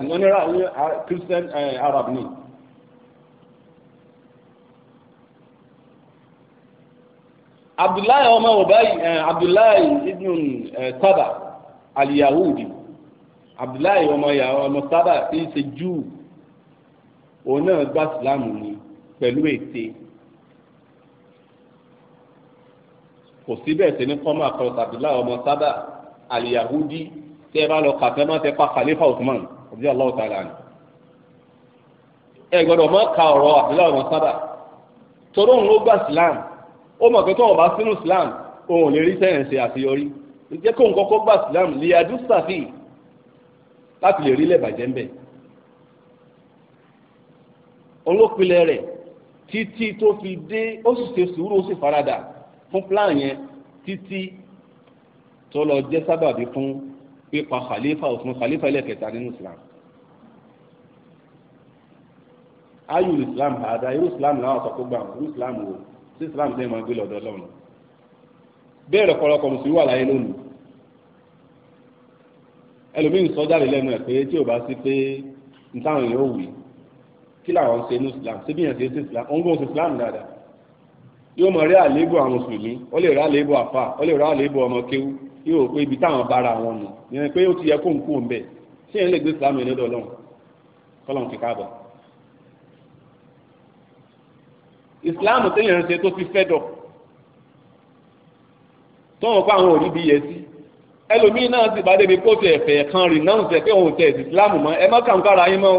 abdullahi ọmọ ọbayi abdullahi ibnu saba aliyahudi abdullahi ọmọ yahoo ọmọ saba ti ṣe júù òun náà gba ìsìlámù ni pẹ̀lú ète kò síbẹ̀ ṣe ní kọ́mọ àkọsọ abdullahi ọmọ saba aliyahudi tẹ́ ẹ bá lọ kàfẹ́ máa tẹ́ pa khalifa usman ọdí ọlọ́wọ́ ta lánàá ẹ gbọ́dọ̀ máa ka ọ̀rọ̀ abdullahi ọmọ saba torí ló gba islam ó mọ̀ pé tóun bá sínú islam òun ò lè rí sẹ́yìn ṣe àṣeyọrí jẹ́ kóun kọ́kọ́ gba islam lè adú sàfì láti lè rí lẹ́bàjẹ́ ń bẹ̀. olópinlẹ̀ rẹ̀ títí tó fi dé ó sì ṣe sùúrù ó sì faradà fún plan yẹn títí tó lọ jẹ́ sábàbí fún pípa khalifa òfin khalifa ẹlẹ́kẹta nínú islam. ayù islam àdá irú islam làwọn sọ pé gbà irú islam wò ó sí islam tẹ́ máa gbé lọ́dọ̀ ọlọ́run bẹ́ẹ̀ lọ́pọ̀lọpọ̀ mùsùlùmí wà láyé lónìí ẹlòmíín sọ jáde lẹ́nu ẹ̀ pé tí ò bá sí pé n táwọn èèyàn ò wí kí làwọn ń ṣe ní islam síbí yẹn ṣe é sí islam òun gbọ́n sí islam dáadáa yóò mọ̀ rí àléébù àwọn mùsùlùmí ó lè rí àléébù àfà ó lè rí àléébù ọmọ kéwú yóò pé ibi táwọn bára wọn nù yẹn pé ó ti yẹ kó ń kú òun bẹ́ẹ̀ ṣé yẹn lè gbé islam yẹn lọ́dọ̀ ọlọ́run kọ́lọ́run ti káàbọ̀. ìsìláàmù téèyàn ń ṣe tó fi fẹ́dọ̀ tọ́wọ́n pa àwọn òrí bí yẹ sí ẹlòmíín náà sì bá débi kóòtù ẹ̀fẹ̀ kan rì náà ń sẹ pé òun tẹ ìsìláàmù mọ́ ẹ má kàn kára yín mọ́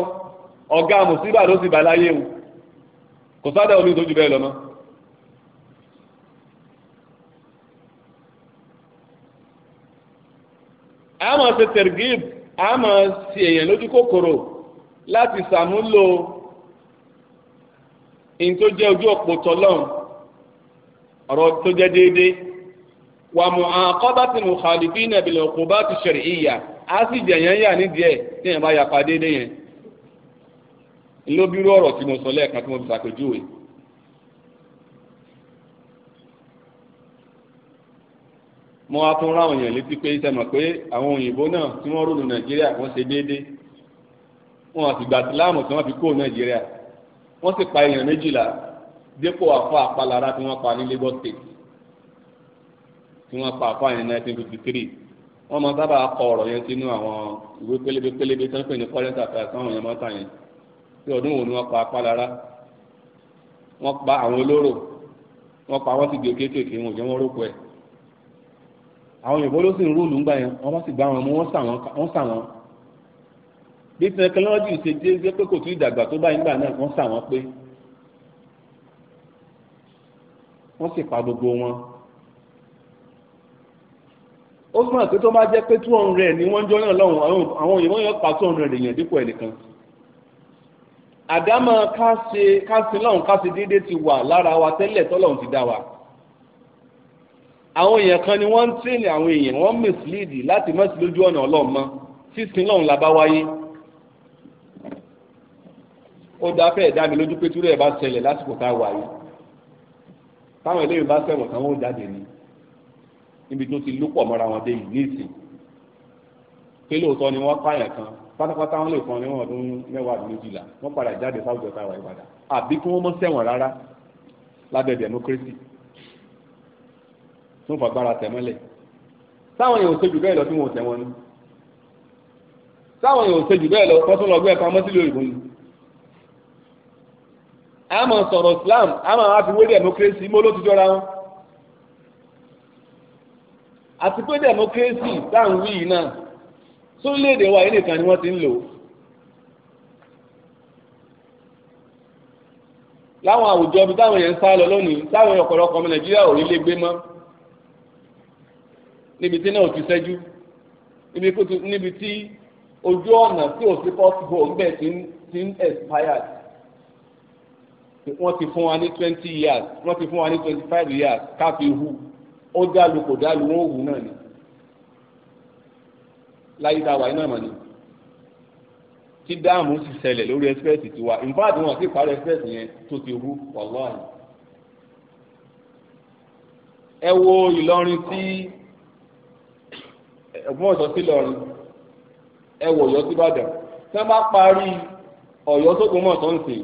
ọ̀gá mùsíbà ló sì bá láyé o kò sádà omi tó ju bẹ́ẹ̀ lọ a àmọ́ ṣe tẹ̀rgíb àmọ́ ṣe èèyàn lójú kòkòrò láti ṣàmúlò in tó jẹ́ ojú òpó tọ́lọ́run ọ̀rọ̀ tó jẹ́ déédéé wà mú àkọ́bátì mukhalifina bil uqubati shar'iyya á sì jẹ̀yàn yà nídìí ẹ̀ tí èèyàn bá yapa déédéé yẹn ló bí irú ọ̀rọ̀ tí mo sọ lẹ́ẹ̀kan tí mo fi ṣàpèjúwe. mo wá tún ráwọn èèyàn létí pé sẹ́mọ̀ pé àwọn òyìnbó náà tí wọ́n rò ní nàìjíríà wọ́n ṣe déédéé wọn àti gbàtìláàmù tí wọ́n fi kó nàìjíríà wọ́n sì pa èèyàn méjìlá dépò àfọ àpalára tí wọ́n pa ní Lagos state tí wọ́n pa àfọ àyẹn nineteen fifty three wọ́n máa sábà kọ ọ̀rọ̀ yẹn sínú àwọn ìwé pélébé pélébé tí wọ́n pè ní current affairs àwọn èèyàn mọ́ta yẹn tí ọdún wo ni wọ́n pa àpalára wọ́n pa àwọn olóró wọ́n pa wọ́n sì gbé kéékèèké wọn ò jẹ́ wọ́n rókò ẹ̀ àwọn Yorùbá ló sì ń rúùlù ńgbà yẹn wọ́n bá sì gbá wọn mú wọ́n sà wọn bí tẹkinọ́lọ́jì ṣe dé ṣe pé kò tún ìdàgbà tó báyìí nígbà náà wọ́n sà wọ́n pé wọ́n sì pa gbogbo wọn. ó gbọ́n pé tó bá jẹ́ pé two hundred ni wọ́n ń jọ́yàn lọ́hùn àwọn òyìnbó yẹn pa two hundred èèyàn dípò ẹnìkan. àdámọ́ ká ṣe ká ṣe lọ́hùn ká ṣe déédéé ti wà lára wa tẹ́lẹ̀ tọ́lọ́hùn ti dá wa. àwọn èèyàn kan ni wọ́n ń tírìnì àwọn èèyàn wọ́n mislead láti mọ́sí lójú ọ̀nà ọlọ́ọ̀mọ́ sísìn lọ́hùn la bá wáyé ó dá fẹ́ẹ̀ dá mi lójú pé túrẹ̀ bá ṣẹlẹ̀ lásìkò tá a wà yìí táwọn eléyìí bá ṣẹ̀wọ̀n táwọn ó jáde ni níbi tó ti lúpọ̀ mọ́ra wọn dé yìí nísìn pé lóòótọ́ ni wọ́n pààyàn kan pátápátá wọn lè kàn ní wọn ọdún mẹ́wàá àdúgbò jìlá wọ́n padà jáde sáwùjọ táwa ìpadà àbí kí wọ́n mọ́ ṣẹ̀wọ̀n rárá lábẹ́ democracy tó ń fagbára tẹ̀mọ́lẹ̀ táwọn èèyàn ò ṣe jù bẹ́ẹ̀ lọ tí wọn ò tẹ̀wọ́n ni táwọn èèyàn ò ṣe jù bẹ́ẹ̀ lọ tọ́tún lọ gbé òyìnbó ni a máa sọ̀rọ̀ Islam a fi wé democracy mo ló ti jọra wọn. àti pé democracy dáhùn wí yìí náà sórílẹ̀ wa yìí nìkan ni wọ́n ti ń lò láwọn àwùjọ bí táwọn èèyàn ń sá lọ lónìí táwọn ọ̀pọ̀lọpọ̀ ọmọ Nàìjíríà ò ní lè gbé mọ́ níbi tí náà ò ti ti ń wọ́n ti fún wa ní twenty years wọ́n ti fún wa ní twenty five years káfí hu ó dálu kò dálu wọ́n hù náà ni láyé tá a wà iná mọ̀ ni tí dáàmù sì ṣẹlẹ̀ lórí ẹsipẹ́ẹ̀tì tiwa ìfáàdì wọn sì parí ẹsipẹ́ẹ̀tì yẹn tó ti hu wàláhì ẹ wo Ìlọrin tí ẹ̀gbọ́n ọ̀sán sí Ìlọrin ẹ wo Ọ̀yọ́ sí Ìbàdàn tí wọ́n bá parí Ọ̀yọ́ sógun mọ̀ tó ń sìn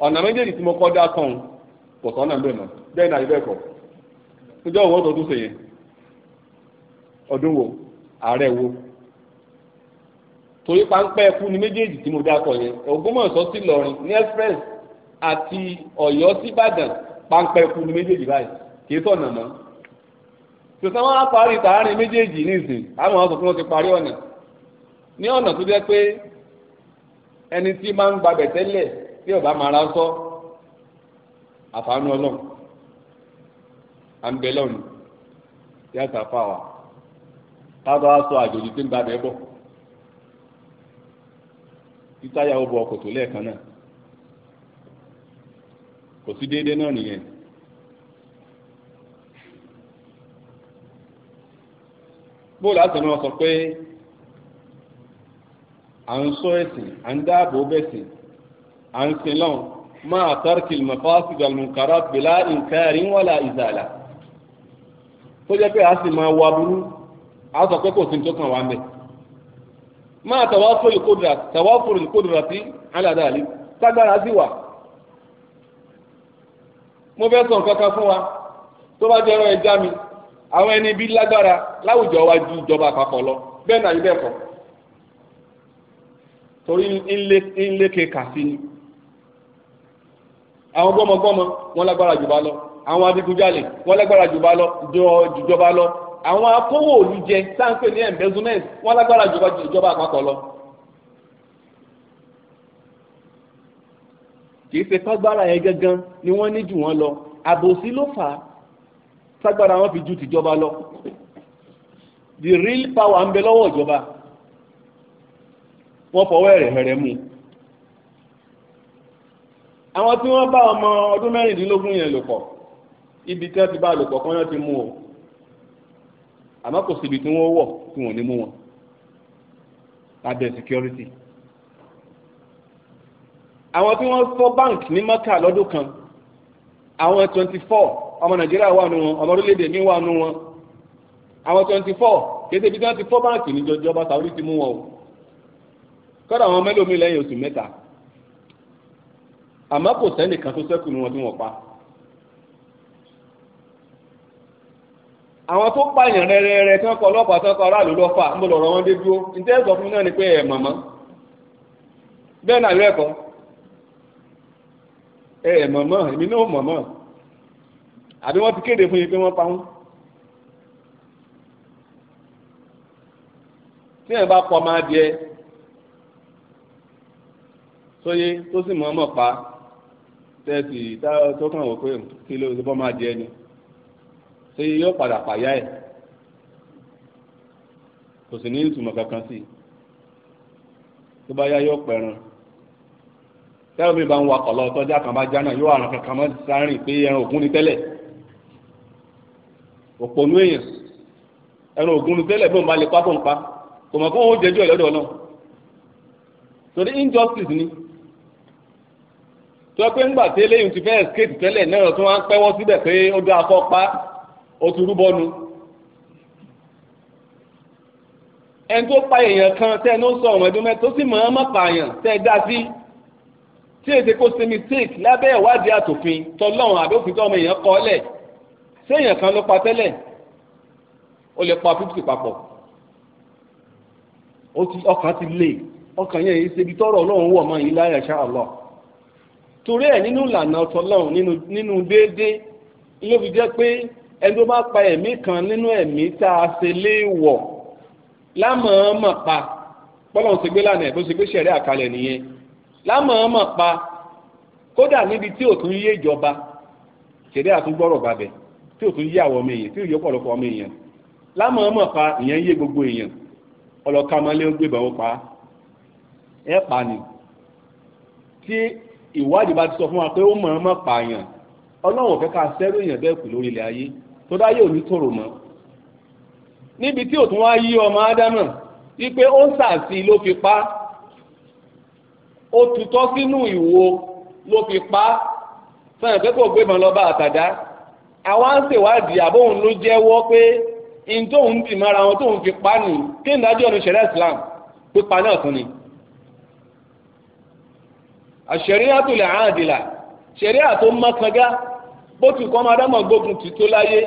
ọ̀nà méjèèjì tí mo kọ́ dá kan kò sọ́nà bẹ́ẹ̀ mọ́ bẹ́ẹ̀ náà ibẹ̀ kọ́ níjọ́ òwò tó tún sèyẹn ọdún wo ààrẹ wo torí páńpẹ́ ẹkú ni méjèèjì tí mo dá kọ yẹn Ògbómọ̀ṣọ́ sí Ìlọrin ní express àti Ọ̀yọ́ sí Ìbàdàn páńpẹ́ ẹkú ni méjèèjì báyìí kì í sọ̀nà mọ́ tòsán wọn á parí tààrin méjèèjì nísìn àwọn ọ̀sán tí wọ́n ti parí ọ̀nà ní ọ̀nà tó jẹ́ pé ẹni tí máa ń gbabẹ̀ tẹ́lẹ̀ bí ọba mara ń kọ́ àfààní ọlọ́run àǹbẹ̀lọ́run yàtà fáwà tábà sọ àjòjì tí ń ba bẹ́ẹ̀ bọ̀ títáyà ó bọ ọkọ̀ tó lẹ́ẹ̀kan náà kò sí déédéé náà nìyẹn. bóòlù sọ pé à ń sọ ẹ̀sìn à ń dáàbò à ń sin lọ́n máa tarkil mafasid almunkarat bila inkarin wala izala tó jẹ́ pé a sì máa wá burú a sọ pé kò sí tó kàn wá mẹ́ máa tawafur kódra tawafur kódra sí aládàálí tágbára sí wà mo fẹ́ sọ nǹkan kan fún wa tó bá jẹ́ ẹja mi àwọn ẹni bí lágbára láwùjọ wa ju ìjọba àpapọ̀ lọ bẹ́ẹ̀ náà yìí bẹ́ẹ̀ kọ́ torí ńlé ńlé ni àwọn gbọ́mọgbọ́mọ wọ́n lágbára jù bá lọ àwọn adigunjalè wọ́n lágbára jù bá lọ jùjọba lọ àwọn akówó olùjẹ sáńpẹ ní embezzlement wọ́n lágbára jù ìjọba àpapọ̀ lọ. kì í ṣe fágbára yẹn gangan ni wọ́n ní jù wọ́n lọ àbòsí ló fà á ságbára wọn fi ju tìjọba lọ the real power ń bẹ lọ́wọ́ ìjọba wọ́n fọwọ́ ẹ̀rẹ̀ hẹ̀rẹ̀ mú àwọn tí wọ́n bá ọmọ ọdún mẹ́rìndínlógún yẹn lò pọ̀ ibi tí wọ́n ti bá lò pọ̀ kán yẹn ti mú o àmọ́ kò síbi tí wọ́n wọ̀ tí wọ́n ní mú wọn lábẹ́ security àwọn tí wọ́n fọ́ bank ní mọ́kà lọ́dún kan àwọn twenty four ọmọ nàìjíríà wà nù wọn ọmọ orílẹ̀-èdè mi wà nù wọn àwọn twenty four kéde ibi tí wọ́n ti fọ́ bank níjọba sàwọ́rì ti mú wọn o kọ́dà àwọn mẹ́lòmí lẹ́yìn oṣù mẹ́ta àmọ́ kò sẹ́nìkan tó sẹ́kù ní wọn tí wọ́n pa. àwọn tó pààyàn rẹrẹrẹ tí wọ́n kọ ọlọ́pàá tí wọ́n kọ aráàlú lọ́fà ń bọ̀ lọ́rọ̀ wọn dé dúró ǹjẹ́ ẹ sọ fún náà ni pé ẹ̀ mọ̀mọ́ bẹ́ẹ̀ náà lẹ́kọ̀ọ́ ẹ̀ mọ̀mọ́ èmi náà mọ̀mọ́ àbí wọ́n ti kéde fún yín pé wọ́n pa wọ́n. tí ẹ̀ bá pọ̀ máa jẹ sóyé tó sì mọ̀ọ́mọ̀ pa á tẹ́ẹ̀tì tó kàn wọ́n pé kí ló bọ́ máa jẹ ni ṣé yóò padà pàyà ẹ̀ kò sì ní ìtumọ̀ kankan sí i tó bá yá yóò pẹ̀ràn tẹ́lẹ̀ mi bá ń wakọ̀ lọ tọ́jà kan bá já náà yóò àrùn kankan mọ́ sáré pé ẹran ògún ni tẹ́lẹ̀ òpònú èèyàn ẹran ògún ni tẹ́lẹ̀ bí òun bá lè pa tó ń pa kò mọ̀ kó òun jẹjọ́ ẹ̀ lọ́dọ̀ náà torí injustice ni tó pé ńgbà tí eléyìí ti fẹ́ escape tẹ́lẹ̀ náà tó wá ń pẹ́wọ́ síbẹ̀ pé ó dá akọ́ pa ó ti rú bọ́nu. ẹni tó pa èèyàn kan tẹ́ ẹ ní ó sọ ọ̀rọ̀ ẹ̀dùn mẹ́ta tó sì mọ̀ ọ́n má pààyàn tẹ́ ẹ dá sí tí èdè kó ṣe mistake lábẹ́ ìwádìí àtòfin tọ́lọ́run àbí òfin tọ́mọ èèyàn kọ́ lẹ̀ ṣé èèyàn kan ló pa tẹ́lẹ̀ ó lè pa fifty papọ̀ ọkàn ti le ọkàn yẹn ṣe ibi tọ́rọ̀ ọlọ́run wọ̀ mọ́ yìí torí ẹ̀ nínú ìlànà ọ̀tọ̀lọ́hún nínú déédé ló fi jẹ́ pé ẹni tó bá pa ẹ̀mí kan nínú ẹ̀mí tá a ṣe léèwọ̀ lámọ̀ọ́mọ̀ pa bọ́lọ́hún ṣe gbé lánàá ẹ̀ bó ṣe gbé ṣẹ̀rí àkàlẹ̀ nìyẹn lámọ̀ọ́mọ̀ pa kódà níbi tí ò tún yé ìjọba ṣẹ̀rí àtúgbọ́rọ̀ bàbẹ̀ tí ò tún yé àwọn ọmọ èèyàn tí ò yé ọ̀pọ̀lọpọ̀ ọmọ èèyàn lámọ̀ọ́mọ̀ pa ìyẹn yé gbogbo èèyàn ọlọ́kàmọ́lé ó gbébọn ó pa ẹ̀ pa ni tí ìwádìí bá ti sọ fún wa pé ó mọ̀ ọ́n mọ̀ pààyàn ọlọ́run fẹ́ ká sẹ́rù èèyàn bẹ́ẹ̀ kù lórí ilẹ̀ ayé tó dáyé òní tòrò mọ́ níbi tí òtún wá yí ọmọ ádámà wípé ó sàsí ló fi pa ó tutọ́ sínú ìwo ló fi pa sọ̀rọ̀ pé kò gbébọn lọ́ba àtàdá àwa ń ṣèwádìí àbóhun ló jẹ́wọ́ pé in tóun dì mọ́ra wọn tóun fi pa nì kí ìdájọ́ ọ̀nà ìṣẹ̀lẹ̀ Islam pípa náà tún ni. àṣẹríyàtò lè hàn àdìlà ṣẹríyà tó mọ́kànjá bó ti kọ́ máa gbógun ti láyé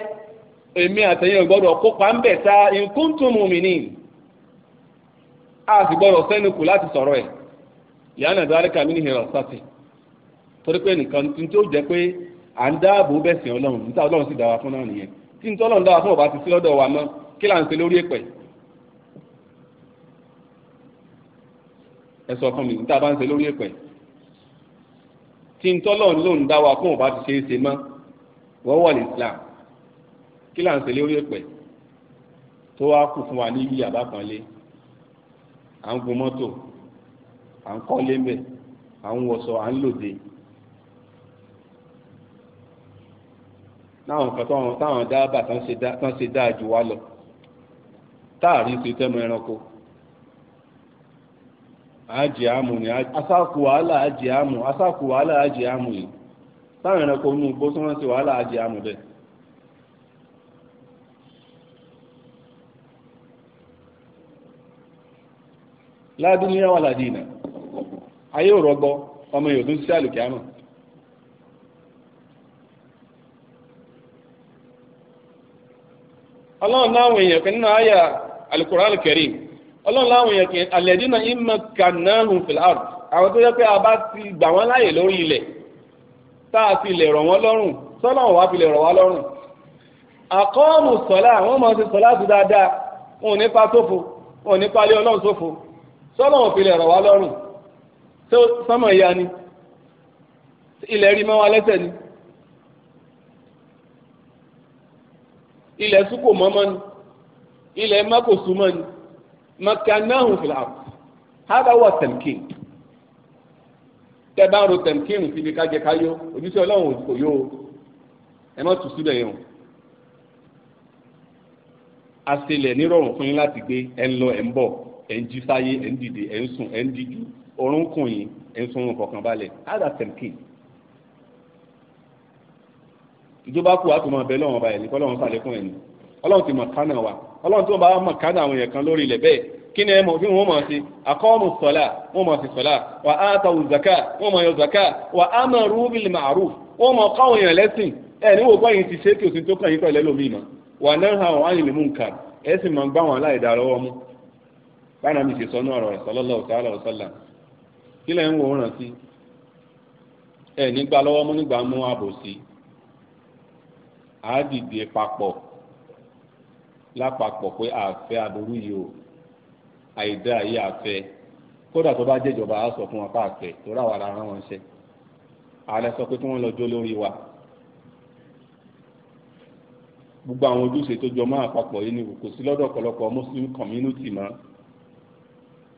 èmi àtẹ̀yìn ọ̀gbọ́dọ̀ kópa ń bẹ̀ ta ìkúntùmù mi ni a sì gbọ́dọ̀ sẹ́nu kù láti sọ̀rọ̀ ẹ̀ lẹ́yìn àdáríkà mi ní ìhìnrọ̀ sátì torí pé nìkan tí pé à ń dáàbò ọlọ́run níta ọlọ́run sì fún ọlọ́run fún ọba tí ń tọ́lọ̀ ló ń dá wa fún ọba ti ṣe é ṣe mọ́ wọ́n wọ̀ ní Islam kí là ń ṣe lórí ẹ̀pẹ̀ tó wá kù fún wa ní ibi àbákanlé à ń gun mọ́tò à ń kọ́lé mẹ́ à ń wọṣọ à ń lòde. náwọn kan táwọn dábàá tán ṣe dáa jù wá lọ táàrí ṣe tẹ́mọ ẹranko. àjẹ́ àmù ni asáàkù wàhálà àjẹ́ àmù asáàkù wàhálà àjẹ́ àmù yìí táwọn ẹranko inú igbó tí wọ́n ti wàhálà àjẹ́ àmù bẹ́ẹ̀. ládùúnyá wà ládìínà ayé ò rọgbọ ọmọ yòó sí àlùkí ọlọ́run náà wọ̀nyẹ̀kẹ́ nínú àyà ọlọ́run láwọn yẹn kì í alẹ́dínà ìmọ̀ kanáhùn fìlàrù àwọn tó yẹ pé a bá ti gbà wọ́n láàyè lórí ilẹ̀ tá a fi lè rọ̀ wọ́n lọ́rùn sọ́nà wà fi lè rọ̀ wá lọ́rùn. àkọ́ọ̀mù sọ́lá wọ́n máa ṣe sọ́lá tó dáadáa wọn ò ní pa sófo wọn ò ní pa lé ọlọ́run sófo sọ́nà wọ́n fi lè rọ̀ wá lọ́rùn tó ìyá ni ilẹ̀ rí mọ́ wa lẹ́sẹ̀ ni ilẹ̀ súkò mọ́mọ́ ni ilẹ̀ mọ́kò súnmọ́ ni makanahum fil ard hada wa tamkin tẹ bá ń ro tamkin síbi لهم káyó òjíṣẹ́ Ọlọ́run يوم yó o ẹ má tù síbẹ̀ yẹn o aselẹ̀ nírọ̀rùn fún yín láti gbé ẹ ń lọ ẹ ń bọ̀ ẹ ń jí sáyé ẹ ń dìde ẹ ń sùn ẹ ń dìjú orun yín ẹ ń sunrun fọkànbalẹ̀ hada tamkin ìjọba kù àtúmọ̀ bẹ́ẹ̀ lọ́wọ́n ọba ẹ̀ ní kọ́ lọ́wọ́n sàlékún ẹ̀ ní Ọlọ́run ti mọ̀ kánà wa ọlọ́run tí wọ́n bá mọ̀ kánú àwọn èèyàn kan lórí ilẹ̀ bẹ́ẹ̀ kí ni ẹ mọ̀ fí wọ́n mọ̀ sí akọ́mù sọ̀lá wọ́n mọ̀ sí sọ̀lá wà á tàwù zaka wọ́n mọ̀ yọ zaka wà á mọ̀ rúbìl màrú wọ́n mọ̀ káwọn èèyàn lẹ́sìn ẹ ní wọ́n gbọ́yìn ti ṣe kí òsì tó kàn yín pẹ̀lẹ́ lómi mọ̀ wà náà hàn wọ́n á yìn nǹkan ẹ sì mọ̀ gbá wọn láì dárọ́wọ́ mú. báyìí mi ṣe sọ ní ọ̀rọ̀ sallallahu lápapọ̀ pé àfẹ́ aburú yìí o àìdá yìí àfẹ́ kódà tó bá jẹ́jọba á sọ fún wọn pa àfẹ́ tó rà wà lára wọn ṣe ààrẹ sọ pé kí wọ́n lọ jó lórí wa gbogbo àwọn ojúṣe tó jọ máa papọ̀ yìí ni kò sí lọ́dọ̀ ọ̀pọ̀lọpọ̀ muslim community mọ́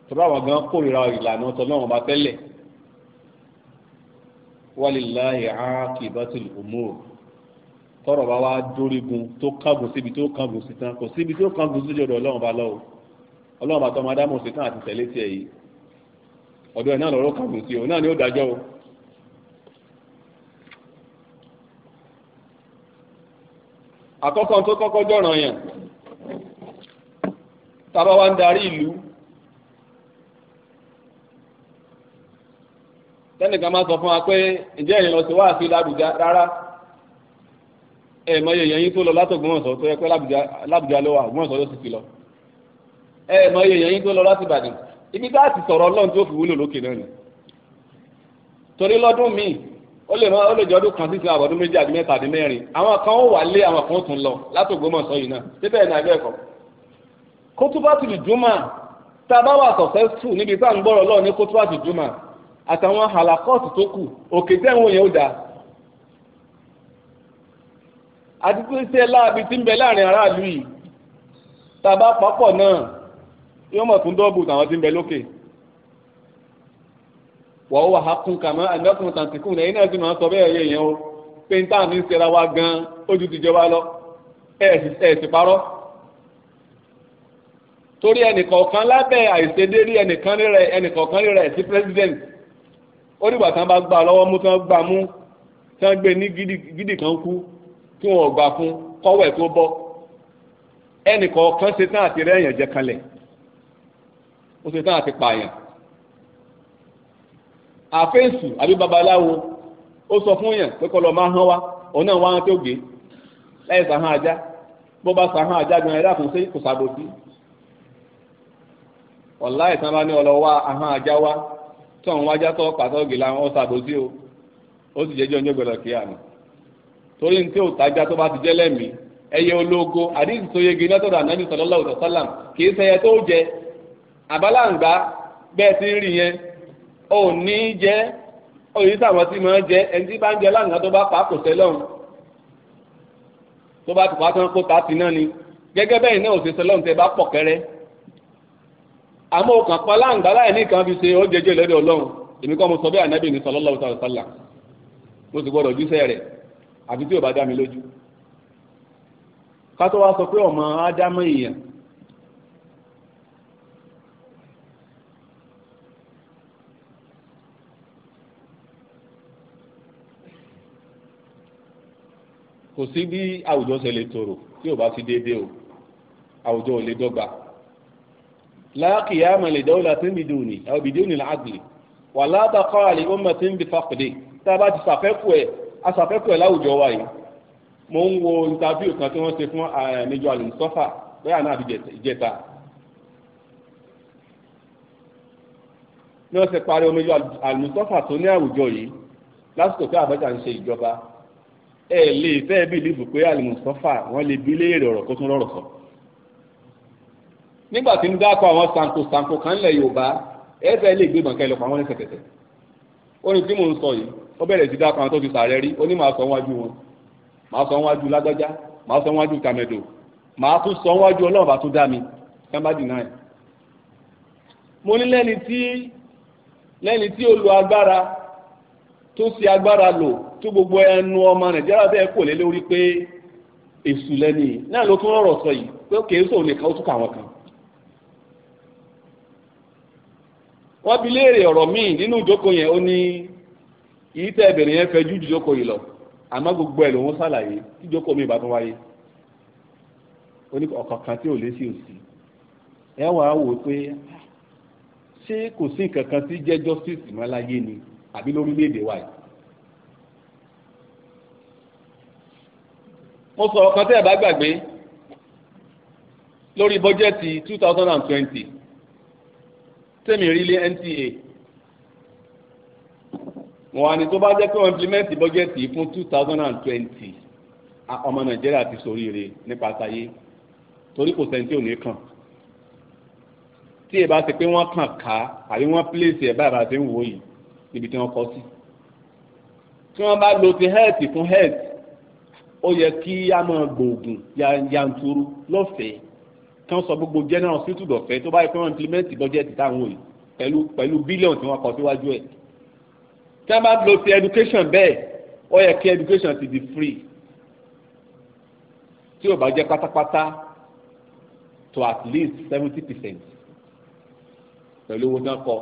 tó bá wọn gan kórìíra ìlànà tọ́lọ́wọ́n bá tẹ́lẹ̀ walillahi aqibatul umur tọrọ bá wá dórígun tó kángun síbi tó kángun sí tán kò síbi tó kángun sí jọdọ Ọlọ́run bá lọ́wọ́ Ọlọ́run bá tọmọ adámọ sí tán àti yìí náà sí náà ni ó o. àkọ́kọ́ tó kọ́kọ́ jọ̀ràn yẹn tábà wá ń darí ìlú sọ fún wa pé ǹjẹ́ rárá. ẹ mọye yẹyin tó lọ látògbómọ̀ṣọ́ tó yẹ pé lábùjá ló wà Ògbómọ̀ṣọ́ ló sì fi lọ ẹ mọye yẹyin tó lọ láti Ìbàdàn ibi tá a ti sọ̀rọ̀ Ọlọ́run tó fi wúlò lókè náà ni torí lọ́dún míì ó lè mọ ó lè jọ ọdún kan sísun àbọ̀dún méjì àti mẹ́ta àti mẹ́rin àwọn kan ó wà lé àwọn kan ó tún lọ látògbómọ̀ṣọ́ yìí náà síbẹ̀ ní abẹ́ ẹ̀kọ́ kótópátìlì jùmọ̀ tá a bá wà successful níbi tá à ń gbọ́rọ̀ lọ́ọ̀ ní kótópátìlì jùmọ̀ àtàwọn àlàkọ́ọ̀tù tó kù òkè tẹ́wọ̀n yẹn ó dáa àti tó ṣe láàbí tí ń bẹ láàrin aráàlú yìí tàbá pápọ̀ náà yóò mọ̀ tún dọ́ọ̀bù tàwọn tí ń bẹ lókè wà ó wà á kún kàmọ́ àgbẹ̀kùn tàǹtìkùn lẹ́yìn náà sì máa ń sọ bẹ́ẹ̀ yẹ ìyẹn o pé ń tàn ní ìṣẹ́ra wa gan ojú ti jọba lọ ẹ̀ sì parọ́ torí ẹnìkọ̀ọ̀kan lábẹ́ àìṣedérí ẹnìkan rírẹ̀ ẹnìkọ̀ọ̀kan rírẹ̀ sí president ó dìgbà tán bá gbà lọ́wọ́ mú tán gbà mú tán gbé ní gidi kan kú tí wọ́n gbà fún kọ́wọ́ ẹ̀ tó bọ́ ẹnìkọ̀ọ̀kan ṣetán àti rẹ́yìn jẹ kanlẹ̀ ó ṣetán àti pààyàn àbí babaláwo ó sọ fún yàn pé kọlọ máa hán wa òun náà wá hán tó gbé láì sàhán ajá bó bá sàhán ajá gan sí kò wa wájá tó pàtó ó o ó sì jẹ́jọ́ àná torí ní tí ò tájá tó bá ti jẹ́ lẹ́mìí ẹyẹ ológo àdéhùn tó yege lọ́tọ̀dọ̀ ànábì sallallahu alaihi wasallam kì í ṣẹyẹ tó jẹ àbálàǹgbá bẹ́ẹ̀ ti ń rí yẹn ò ní jẹ òyìn tí ń bá ń jẹ tó bá tó bá ti tán kó ta ti náà ni gẹ́gẹ́ bẹ́ẹ̀ pọ̀ àmọ́ òkàn pa láì fi ṣe ó jẹjẹ lọ́dọ̀ ọlọ́run èmi kọ́ mo sọ bẹ́ẹ̀ ànábì mo sì àbí tí ò bá dá mi lójú ká tó wá sọ pé ọmọ ádámọ̀ èèyàn kò sí bí àwùjọ ṣe lè tòrò tí ò bá sí déédéé o àwùjọ ò lè dọ́gba láàkìyà mẹ́lẹ̀ dọ́wọ́lá tí ń bìdì òní àwọn bìdì òní làágbè wà látàkọ́ àlè ó mọ̀ fàkùdé tá a bá ti sàfẹ́kù ẹ̀ aṣàfẹ́kọ̀ọ́ ẹ̀ láwùjọ wa yìí mo ń wo interview kan tí wọ́n ṣe fún àmìjọ àlùmùsọ́fà bẹ́ẹ̀ náà àbí ìjẹta ní wọ́n ṣe parí omijọ àlùmùsọ́fà tó ní àwùjọ yìí lásìkò tí àbájá ń ṣe ìjọba ẹ lè fẹ́ bìlíìfù pé àlùmùsọ́fà wọ́n lè bí léèrè ọ̀rọ̀ tó tún rọ̀rọ̀ sọ nígbà tí ń dákọ àwọn sanko sanko kan lẹ̀ Yorùbá ẹ fẹ́ lè gbé bọ̀ǹkẹ́ lọ pa ní tí ó bẹ̀rẹ̀ sí dákan tó ti sàárẹ̀ rí ó ní màá sọ wájú wọn màá sọ wájú lágbájá màá sọ wájú kàmẹ́dò màá tún sọ wájú ọlọ́run bá tún dá mi somebody mo ní lẹ́ni tí lẹ́ni tí ó lo agbára tó ṣe agbára lò tó gbogbo ẹnu ọmọ nàìjíríà bẹ́ẹ̀ kò lé lórí pé lẹ́ni náà ló tún rọ̀rọ̀ sọ yìí pé kèé nìkan yìí tẹ́ ẹ̀bẹ̀rẹ̀ yẹn fẹ́ ju ìjókòó yìí lọ àmọ́ gbogbo ẹ̀ lòun ṣàlàyé tí ìjókòó mi ìbátan wáyé oní ọ̀kọ̀ọ̀kan tí ò lé sí òsì ẹ wà á wò pé ṣé kò sí nǹkan kan tí jẹ́ justice mọ́ láyé ni àbí lórílẹ̀‐èdè wa yìí. mo sọ̀rọ̀ kan tẹ́ ẹ̀ bá gbàgbé lórí bọ́jẹ́tì two thousand and twenty tẹ́mi rí lé NTA wọ́n á ní tó bá jẹ́ pé wọ́n implement budget yìí fún two thousand and twenty ọmọ nàìjíríà ti ṣoríire nípa tayé torí kò sẹ́ni tí ò ní kàn tí ẹ bá ṣe pé wọ́n kàn ká àbí wọ́n place ẹ̀ báyìí bá ṣe ń wò yìí níbi tí wọ́n kọ́ sí tí wọ́n bá lo ti health fún health ó yẹ kí a máa gbòògùn yanturu lọ́fẹ̀ẹ́ kí wọ́n sọ gbogbo general hospital dọ̀fẹ́ tó bá yẹ pé wọ́n implement budget táwọn yìí pẹ̀lú pẹ̀lú bílíọ̀nù tí wọ́n kọ síwájú ẹ̀ tí wọ́n bá lo ti education bẹ́ẹ̀ ó yẹ kí education ti di free tí ò bá jẹ́ pátápátá to at least seventy percent pẹ̀lú owó náà kọ́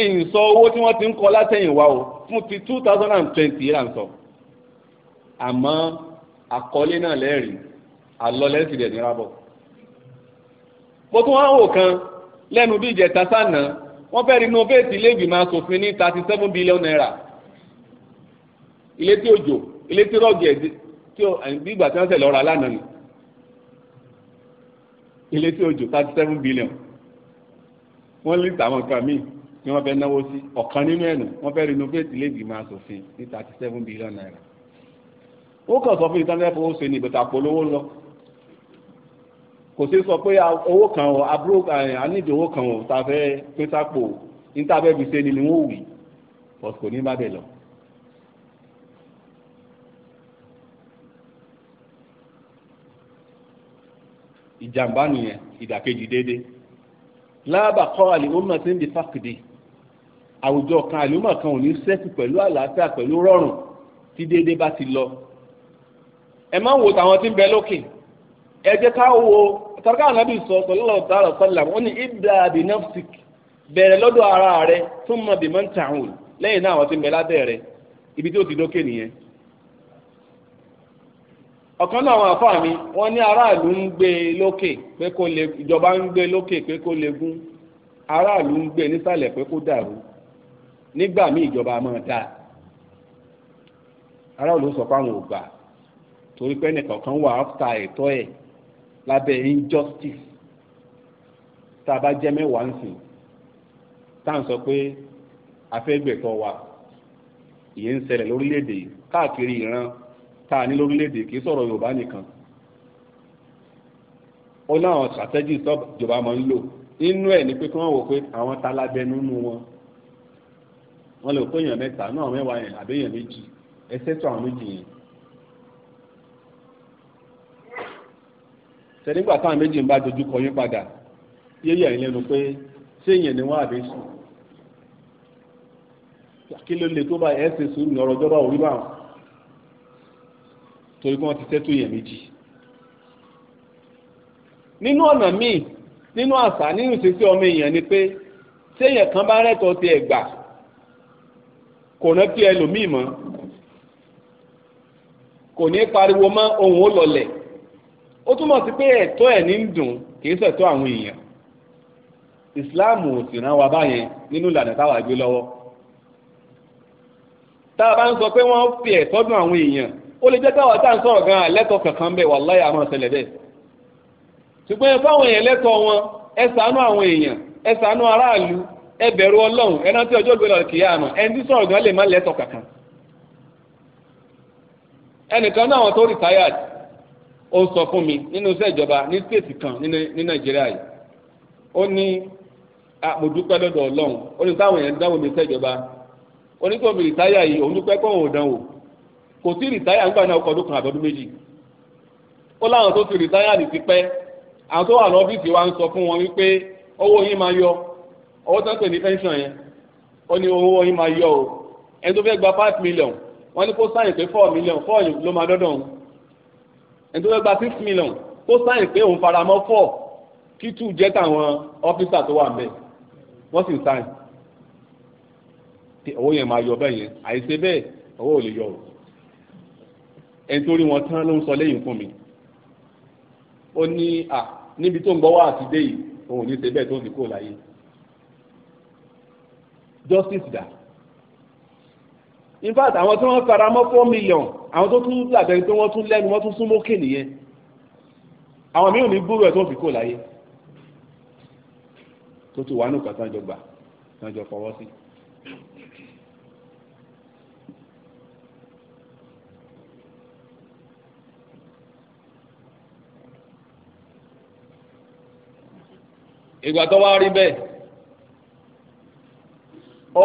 ẹ̀yìn sọ owó tí wọ́n ti ń kọ́ látẹ̀yìnwá o fún ti two thousand and twenty yìí là ń sọ àmọ́ àkọlé náà lẹ́rìí àlọ́ lẹ́sìn rẹ̀ nírà bọ̀. mo tún wá wò kan lẹ́nu bí ìjẹta sáà náà wọ́n fẹ́ renovate ilé ìgbìmọ̀ asòfin ní thirty seven billion naira ilé tí òjò ilé tí rọ́ọ̀gì ẹ̀ tí ó bí ìgbà tí wọ́n tẹ̀lé ọ̀rọ̀ alánà ni ilé tí òjò thirty seven billion wọ́n lè tàwọn kan míì tí wọ́n fẹ́ náwó sí ọ̀kan nínú ẹ̀nù wọ́n fẹ́ renovate ilé ìgbìmọ̀ asòfin ní thirty seven billion naira ó kàn sọ fún ìtàn lẹ́fọ̀ọ́ ṣe ní ìbẹ̀tà lọ kò sí sọ pé owó kan o àbúrò àníjì eh, owó kan o tá a fẹ́ pín sápò níta fẹ́ fi ṣe ni ni wọ́n wì but kò ní bá bẹ̀ lọ. ìjàmbá nìyẹn ìdàkejì déédéé lábàkọ́ àlèmọ́mọ́ ti ń di fákìdì àwùjọ kan àlèmọ́ kan ò ní sẹ́kù pẹ̀lú àlàáfíà pẹ̀lú rọrùn tí déédéé bá ti lọ. ẹ má wo tàwọn tí ń bẹ lókè ẹ jẹ́ ká wo tọ́ka ànábì sọ sallallahu ta'ala sallam wọ́n ní ibda bi nafsik bẹ̀rẹ̀ lọ́dọ̀ ara rẹ̀ thumma bi man ta'ul lẹ́yìn náà àwọn ti ń bẹ lábẹ́ rẹ̀ ibi tí ó ti dókè nìyẹn. ọ̀kan náà àwọn àfáà mi wọ́n ní aráàlú ń gbé e lókè pé kó lè ìjọba ń gbé e lókè pé kó lè gún aráàlú ń gbé e nísàlẹ̀ pé kó dàrú nígbà míì ìjọba máa dáa aráàlú sọ fáwọn ògbà lábẹ́ injustice tá a bá jẹ́ mẹ́wàá ń sìn tá à ń sọ pé afẹ́gbẹ̀tọ̀ wa ìyẹn ń ṣẹlẹ̀ lórílẹ̀‐èdè káàkiri ìran tá a ní lórílẹ̀‐èdè kì í sọ̀rọ̀ Yorùbá nìkan ó láwọn strategy tọ́jọba máa ń lò inú ẹ̀ ni pé kí wọ́n wò pé àwọn ta lábẹ́nú nú wọn wọ́n lè kó èèyàn mẹ́ta náà mẹ́wàá yẹn àbẹ́yàn méjì ẹsẹ̀ tó àwọn méjì yẹn tẹ̀légbà táwọn méjì ń bá dojú kọ yín padà yéyẹ̀ yín lẹ́nu pé ṣé èèyàn ni wọ́n àbí sùn kí ló lè tó bá ẹ̀ ṣe sùúrù ní ọ̀rọ̀ ìjọba òrí bá wọn torí wọ́n ti tẹ́tù èèyàn méjì nínú ọ̀nà míì nínú àṣà nínú ìṣesí ọmọ èèyàn ni pé téèyàn kan bá rẹ́tọ̀ọ́ ti ẹ̀ gbà kò rántí ẹlòmíì mọ́ kò ní pariwo mọ́ ohun ó lọlẹ̀ ó túmọ̀ sí pé ẹ̀tọ́ ẹ̀ ní ń dùn kì í àwọn èèyàn ìsìláàmù ò sì rán wa báyẹn nínú ìlànà táwa gbé lọ́wọ́ tá a bá ń sọ pé wọ́n fi ẹ̀tọ́ dùn àwọn èèyàn ó lè jẹ́ táwa tá à ń sọ̀rọ̀ gan kankan bẹ́ẹ̀ wàláyà àmọ́ ṣẹlẹ̀ bẹ́ẹ̀ ṣùgbọ́n ẹ fáwọn èèyàn lẹ́tọ̀ wọn ẹ ṣàánú àwọn èèyàn ẹ aráàlú ẹ bẹ̀rù ọlọ́run ẹ tí ó sọ fún mi nínú iṣẹ́ ìjọba ní stéètì kan ní nàìjíríà yìí ó ní mo dúpẹ́ lọ́dọ̀ ọlọ́run ó ní táwọn èèyàn dáwọ́ mi iṣẹ́ ìjọba ó ní kó mi rìtáyà yìí òun dúpẹ́ kó òun dánwò kò sí rìtáyà nígbà náà ọkọ̀ ọdún kan àbọ̀dún méjì ó láwọn tó ti rìtáyà ní ti pẹ́ àwọn tó wà lọ́fíìsì wa ń sọ fún wọn wípé owó yín máa yọ owó tó ń pè ní pension yẹn ó ní owó yín máa yọ o ẹni tó fẹ́ gba five million wọ́n ní kó sáyìn pé four million four ló máa dọ́dọ̀ òun ẹni tó fẹ́ gba six million kó sáyìn pé òun faramọ́ four kí two jẹ́ tàwọn ọ́fíìsà tó wà ń bẹ̀ wọ́n sì ń sáyìn owó yẹn máa yọ bẹ́ẹ̀ yẹn àìṣe bẹ́ẹ̀ owó ò lè yọ o ẹni tó rí wọn tán ló ń sọ lẹ́yìn fún mi ó ní à níbi tó ń gbọ́ wá àti dé yìí òun ò ní ṣe bẹ́ẹ̀ tó ń fi kó láyé justice dà in fact àwọn tí wọ́n fara mọ́ four million àwọn tó tún dàbẹ̀ pé wọ́n tún lẹ́nu wọ́n tún sún mókè nìyẹn àwọn míràn ní búrú ẹ̀ tó fi kó láyé tó ti wà nù kan tán jọ gbà tán jọ fọwọ́ sí. ìgbà tó wá rí bẹ́ẹ̀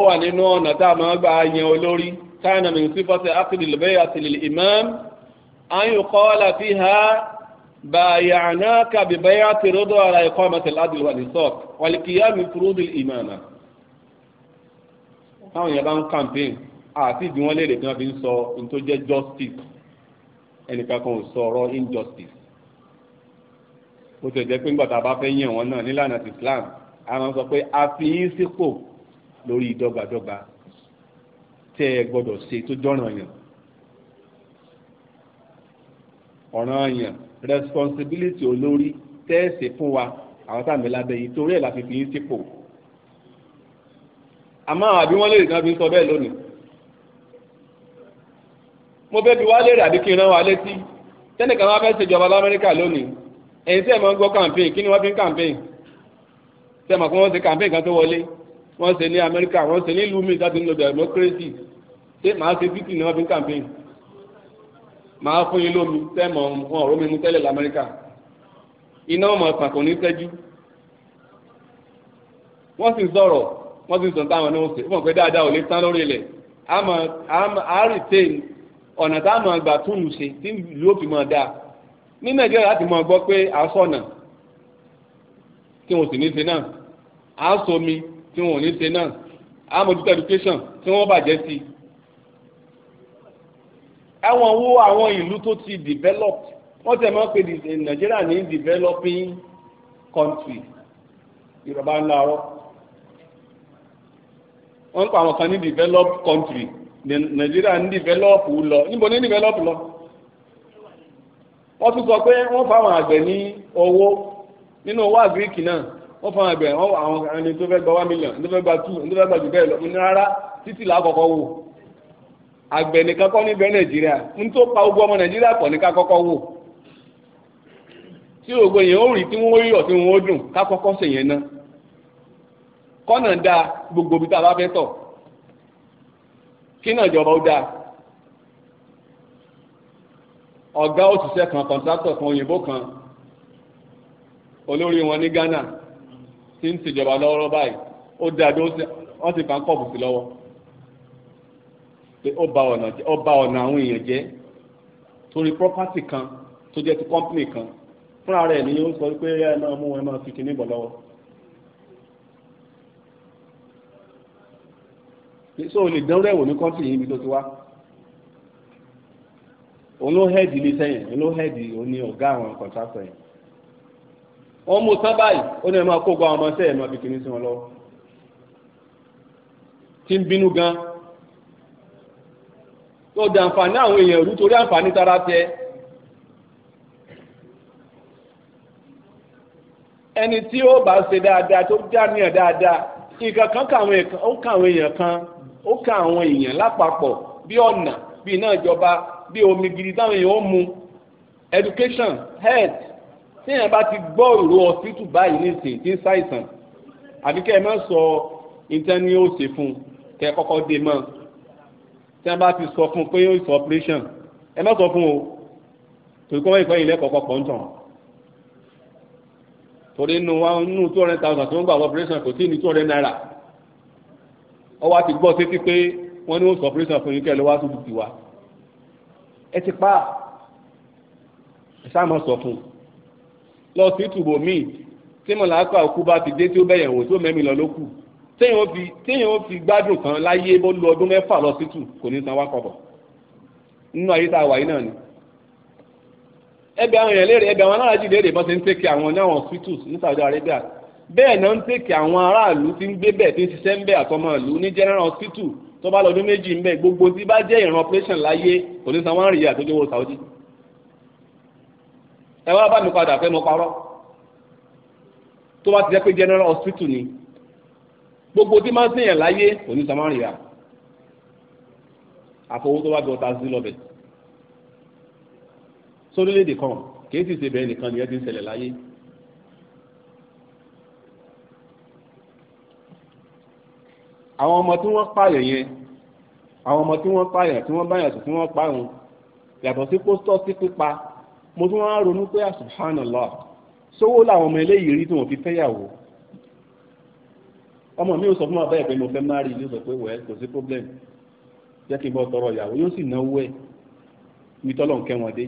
wà nínú ọ̀nà tá a máa gba yan olórí káyọ̀nà mi sí fọ́sẹ̀ ákìlì lùbẹ́yà àti lè imam ayùkọ́ láti ha bàyànà kàbí bẹ́yà ti rọ́dọ̀ ara ẹ̀kọ́ mẹ́tẹ̀lá àdìlú wà ní sọ́ọ̀k wàlìkìyà mi fúrú di ìmàmà. táwọn èèyàn bá ń campaign àti ìdí wọn léèrè tí wọn fi ń sọ ohun tó jẹ́ justice ẹnìkan kan ò sọ ọ̀rọ̀ injustice ó ti jẹ́ pé ńgbà bá fẹ́ yàn wọn náà nílànà ti Islam a sọ pé a fi yín sípò lórí dọ́gbadọ́gba tẹ́ ẹ gbọ́dọ̀ ṣe tó dọ́ràn yàn ọ̀ràn yàn responsibility olórí tẹ́ ẹ ṣe fún wa àwọn tá a mẹ́lá bẹ́yìn torí ẹ̀ la fi fi yín sípò àmọ́ àbí wọ́n lè rí kan fi sọ bẹ́ẹ̀ lónìí mo bẹ́ẹ̀ bí wá lè rí àbí kí n rán wa létí tẹ́nìkan wá fẹ́ ṣèjọba lamẹ́ríkà lónìí ẹ̀yin tí ẹ̀ máa ń gbọ́ campaign kí ni wọ́n fi ń campaign tẹ́ ẹ̀ mọ̀ pé wọ́n ṣe campaign kan tó wọlé wọ́n ṣe ní Amẹ́ríkà wọ́n ṣe ní ìlú mi láti ń lo democracy ṣé màá ṣe títì ní wọ́n fi ń campaign màá fún yín lómi tẹ́mọ̀ wọn ọ̀rọ̀ mi mú tẹ́lẹ̀ lamẹ́ríkà iná ọmọ ọ̀sán kò ní sẹ́jú wọ́n sì sọ̀rọ̀ wọ́n sì sọ̀tà àwọn náà ṣe wọ́n pẹ́ dáadáa ò lè tán lórí ilẹ̀ á retain ọ̀nà tá a máa gbà túlù ṣe tí ìlú òfin máa dáa ní Nàìjíríà láti máa gbọ́ pé a sọ̀nà tí wọ́n sì ní ṣe náà a sọ mi tí wọn ò ní ṣe náà àmójútó education tí wọ́n bàjẹ́ sí. ẹ̀wọ̀n wo àwọn ìlú tó ti developed. wọ́n tẹ̀ máa ń pè Nàìjíríà ní developing country Yorùbá ń láàárọ̀ wọ́n ń pa àwọn kan ní developed country Nàìjíríà ń develop lọ níbo ní develop lọ wọ́n tún sọ pé wọ́n fáwọn àgbẹ̀ ní owó nínú owó àgíríkì náà wọ́n fọwọ́n ẹ̀bẹ̀ wọ́n àwọn ẹni tó fẹ́ gba one million tó fẹ́ gba two tó fẹ́ gba jù bẹ́ẹ̀ lọ ní rárá títì lákọ̀ọ́kọ́ wò àgbẹ̀ nìkan kọ́ níbẹ̀ nàìjíríà ń tó pa ogun ọmọ nàìjíríà pọ̀ ní kakọ́kọ́ wò tí ògo yẹn ó rí tí wọ́n yọ̀ tí wọ́n dùn kakọ́kọ́ sì yẹn ná kọ́nà da gbogbo ibi tá fẹ́ tọ̀ kí náà jọba ó dáa ọ̀gá òṣìṣẹ́ kan kọ̀ǹtátọ̀ kan òyìnbó kan olórí wọn ní Ghana tí ń ṣèjọba lọ́wọ́ báyìí ó wọ́n ti fà ń sí lọ́wọ́ ó ba ọ̀nà jẹ́ àwọn èèyàn jẹ́ torí property kan tó jẹ́ ti company kan fúnra rẹ̀ ni ó sọ pé ẹ máa mú ẹ máa fi kíní bọ̀ lọ́wọ́. so o lè dánwó ẹ̀wò ní kọ́ńtì yìí ibi tó ti wá òun ló hẹ́ẹ̀dì ni ọ̀gá àwọn wọ́n mú tán báyìí ó ní ẹ máa kó gba ọmọ sẹ́ ẹ̀ máa sí wọn lọ́wọ́ tí ń bínú gan tó di àǹfààní àwọn èèyàn ìlú torí àǹfààní tara tẹ ẹni tí ó bá ṣe dáadáa tó dáníyàn dáadáa nǹkan kan káwọn èèyàn ó èèyàn kan ó ka àwọn èèyàn lápapọ̀ bí ọ̀nà bí iná ìjọba bí omi gidi táwọn èèyàn ó mu tí èèyàn bá ti gbọ́ ìró ọsítù báyìí nísìnyí tí ń ṣàìsàn àbí kẹ́ ẹ má sọ nǹkan ni ó ṣe fún un kẹ́ ẹ kọ́kọ́ dé mọ́ tí wọ́n bá ti sọ fún un pé ó ṣe operation ẹ má sọ fún o torí kọ́ ìfẹ́ yìí lẹ́kọ̀ọ́kọ́ pọ̀ ń tàn torí inú wa nínú two hundred thousand tó ń gbà operation kò sí ní two hundred naira ọ wá gbọ́ sétí pé wọ́n ní ó ṣe operation fún yín kẹ́ ẹ lọ́wọ́ àtúntò tiwa ẹ ti pa ẹ sáà má sọ fún un lọ sí tùbò míì tí mọ̀láka òkú bá ti dé tí ó bẹ̀yẹ̀ wò tí ó mẹ́mi lọ ló kù téèyàn ó fi gbádùn kan láyé bó lu ọdún mẹ́fà lọ sí tù kò ní san wá kọ̀bọ̀ nínú ayé tá a wà yìí náà ni ẹbẹ àwọn èèyàn léèrè ẹbẹ àwọn aláàjì léèrè bọ́n ti ń tèkì àwọn ní àwọn hospitals ní Saudi Arabia bẹ́ẹ̀ náà ń tèkì àwọn aráàlú tí ń gbé bẹ́ẹ̀ tí ń ṣiṣẹ́ ń bẹ́ẹ̀ àtọmọ ìlú ní general hospital tó bá lọ́dún méjì ń bẹ́ẹ̀ gbogbo tí bá jẹ́ ìran operation láyé kò ní san wọ́n rìí àtọ́jọ́wọ́ Saudi ẹ wá bá mi padà fẹ́ mo parọ́ tó bá ti jẹ́ pé general hospital ni gbogbo tí máa ń sèyàn láyé kò ní samaria àfọwọ́ tó bá jọ ta sí lọ́bẹ̀ sórílẹ̀-èdè kan kìí sì ṣe bẹ́ẹ̀ nìkan nìyẹn ti ń ṣẹlẹ̀ láyé. àwọn ọmọ tí wọ́n pààyàn yẹn àwọn ọmọ tí wọ́n pààyàn tí wọ́n báyàn sí tí wọ́n pààyàn yàtọ̀ sí pósítọ́ọ̀sì pípa mo tún wá ronú pé ah, subhanallah sówó làwọn ọmọ eléyìí rí tí wọ́n fi fẹ́yàwó ọmọ mi ò sọ fún bàbá ẹ̀ pé mo fẹ́ má rí i ló sọ pé wẹ́ẹ́ kò sí problem jẹ́ kí n bọ́ tọrọ ìyàwó yóò sì náwó ẹ̀ mi tọ́lọ̀ ń wọn dé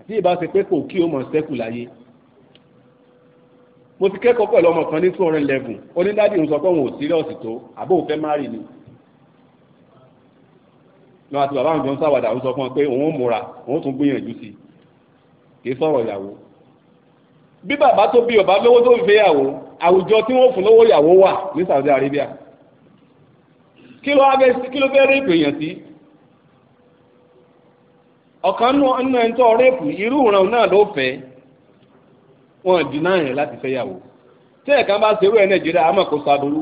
àti ìbá ṣe pé kò kí o mọ̀ sẹ́kù láyé mo ti kẹ́kọ̀ọ́ pẹ̀lú ọmọ kan ní two hundred eleven onídàájì ń sọ pé òun ò sírọ́ọ̀sì tó àbó òun fẹ́ má rí ni lọ́wọ́ àti bàbá àwọn jọ ń sáwàdà ń sọ fún ọ pé òun ò múra òun tún gbìyànjú sí i kì í sọ̀rọ̀ ìyàwó bí bàbá tó bí ọba lówó tó ń fẹ́ yàwó àwùjọ tí wọ́n fún lówó ìyàwó wà ní Saudi Arabia kí ló abẹ kí ló fẹ́ rẹ́pù èèyàn sí ọ̀kan nínú ẹni tó rẹ́pù irú ìran náà ló fẹ́ wọn dínà yẹn láti fẹ́ yàwó tí ẹ̀ka bá ṣerú ẹ̀ Nàìjíríà àmọ́ kò sàbúrú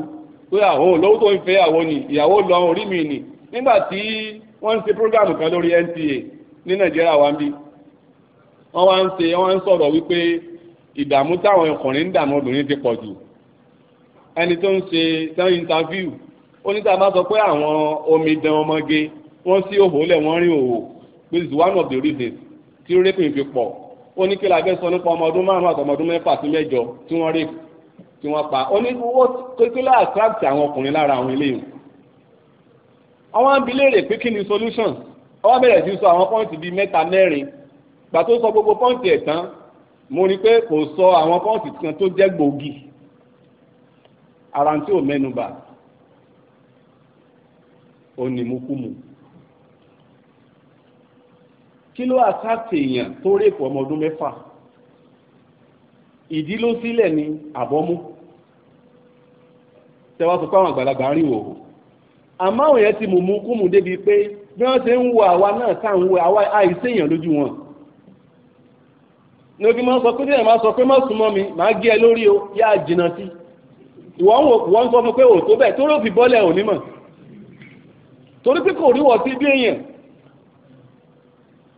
pé àwọn olówó tó ń fẹ́ yàwó ni ìyàwó lọ orí mi nì nígbà tí wọ́n ń ṣe prógámù kan lórí NTA ní Nàìjíríà wa ń bí wọ́n wá ń ṣe wọ́n ń sọ̀rọ̀ wípé ìdààmú táwọn ọkùnrin ń dààmú obìnrin ti pọ̀ jù ẹni tó ń ṣe tán interview ó ní tá a bá sọ pé àwọn omidan ọmọge wọ́n sí òhò lẹ̀ wọ́n rí òhò pé is one of the reasons tí rẹ́pìn fi pọ̀ ó ní kí la fẹ́ sọ nípa ọmọ ọdún márùn-ún àtọmọ ọdún mẹ́fà sí mẹ́jọ tí wọ́n rẹ́pìn tí wọ́n pa ó ní owó kékeré attract àwọn ọkùnrin lára àwọn eléyìí àwọn abilé rè pé kí ni solution wọ́n bẹ̀rẹ̀ sí sọ àwọn pọ́ìntì bíi mẹ́ta mẹ́rin gbà tó sọ gbogbo pọ́ǹtì ẹ̀ tán mo rí i pé kò sọ àwọn pọ́ǹtì kan tó jẹ́ gbòógì ara tí ò mẹ́nuba ó ní mú kú mu kí ló àtàtì èèyàn tó rèpò ọmọ ọdún mẹ́fà ìdí ló sílẹ̀ ní àbọ́mú tẹwàá sọ fáwọn àgbàlagbà rìn wò àmọ́ àwọn yẹn ti mú mú kú mu débi pé bí wọ́n ṣe ń wo àwa náà táwọn àwa àìséèyàn lójú wọn ní ojú máa sọ pé tí ẹ̀ sọ pé má súnmọ́ mi máa gé ẹ lórí o yá jìnnà sí ìwọ ń sọ fún pé ò tó bẹ́ẹ̀ tó rò fi bọ́lẹ̀ ò nímọ̀? torí pé kò ríwọ̀ sí bí èèyàn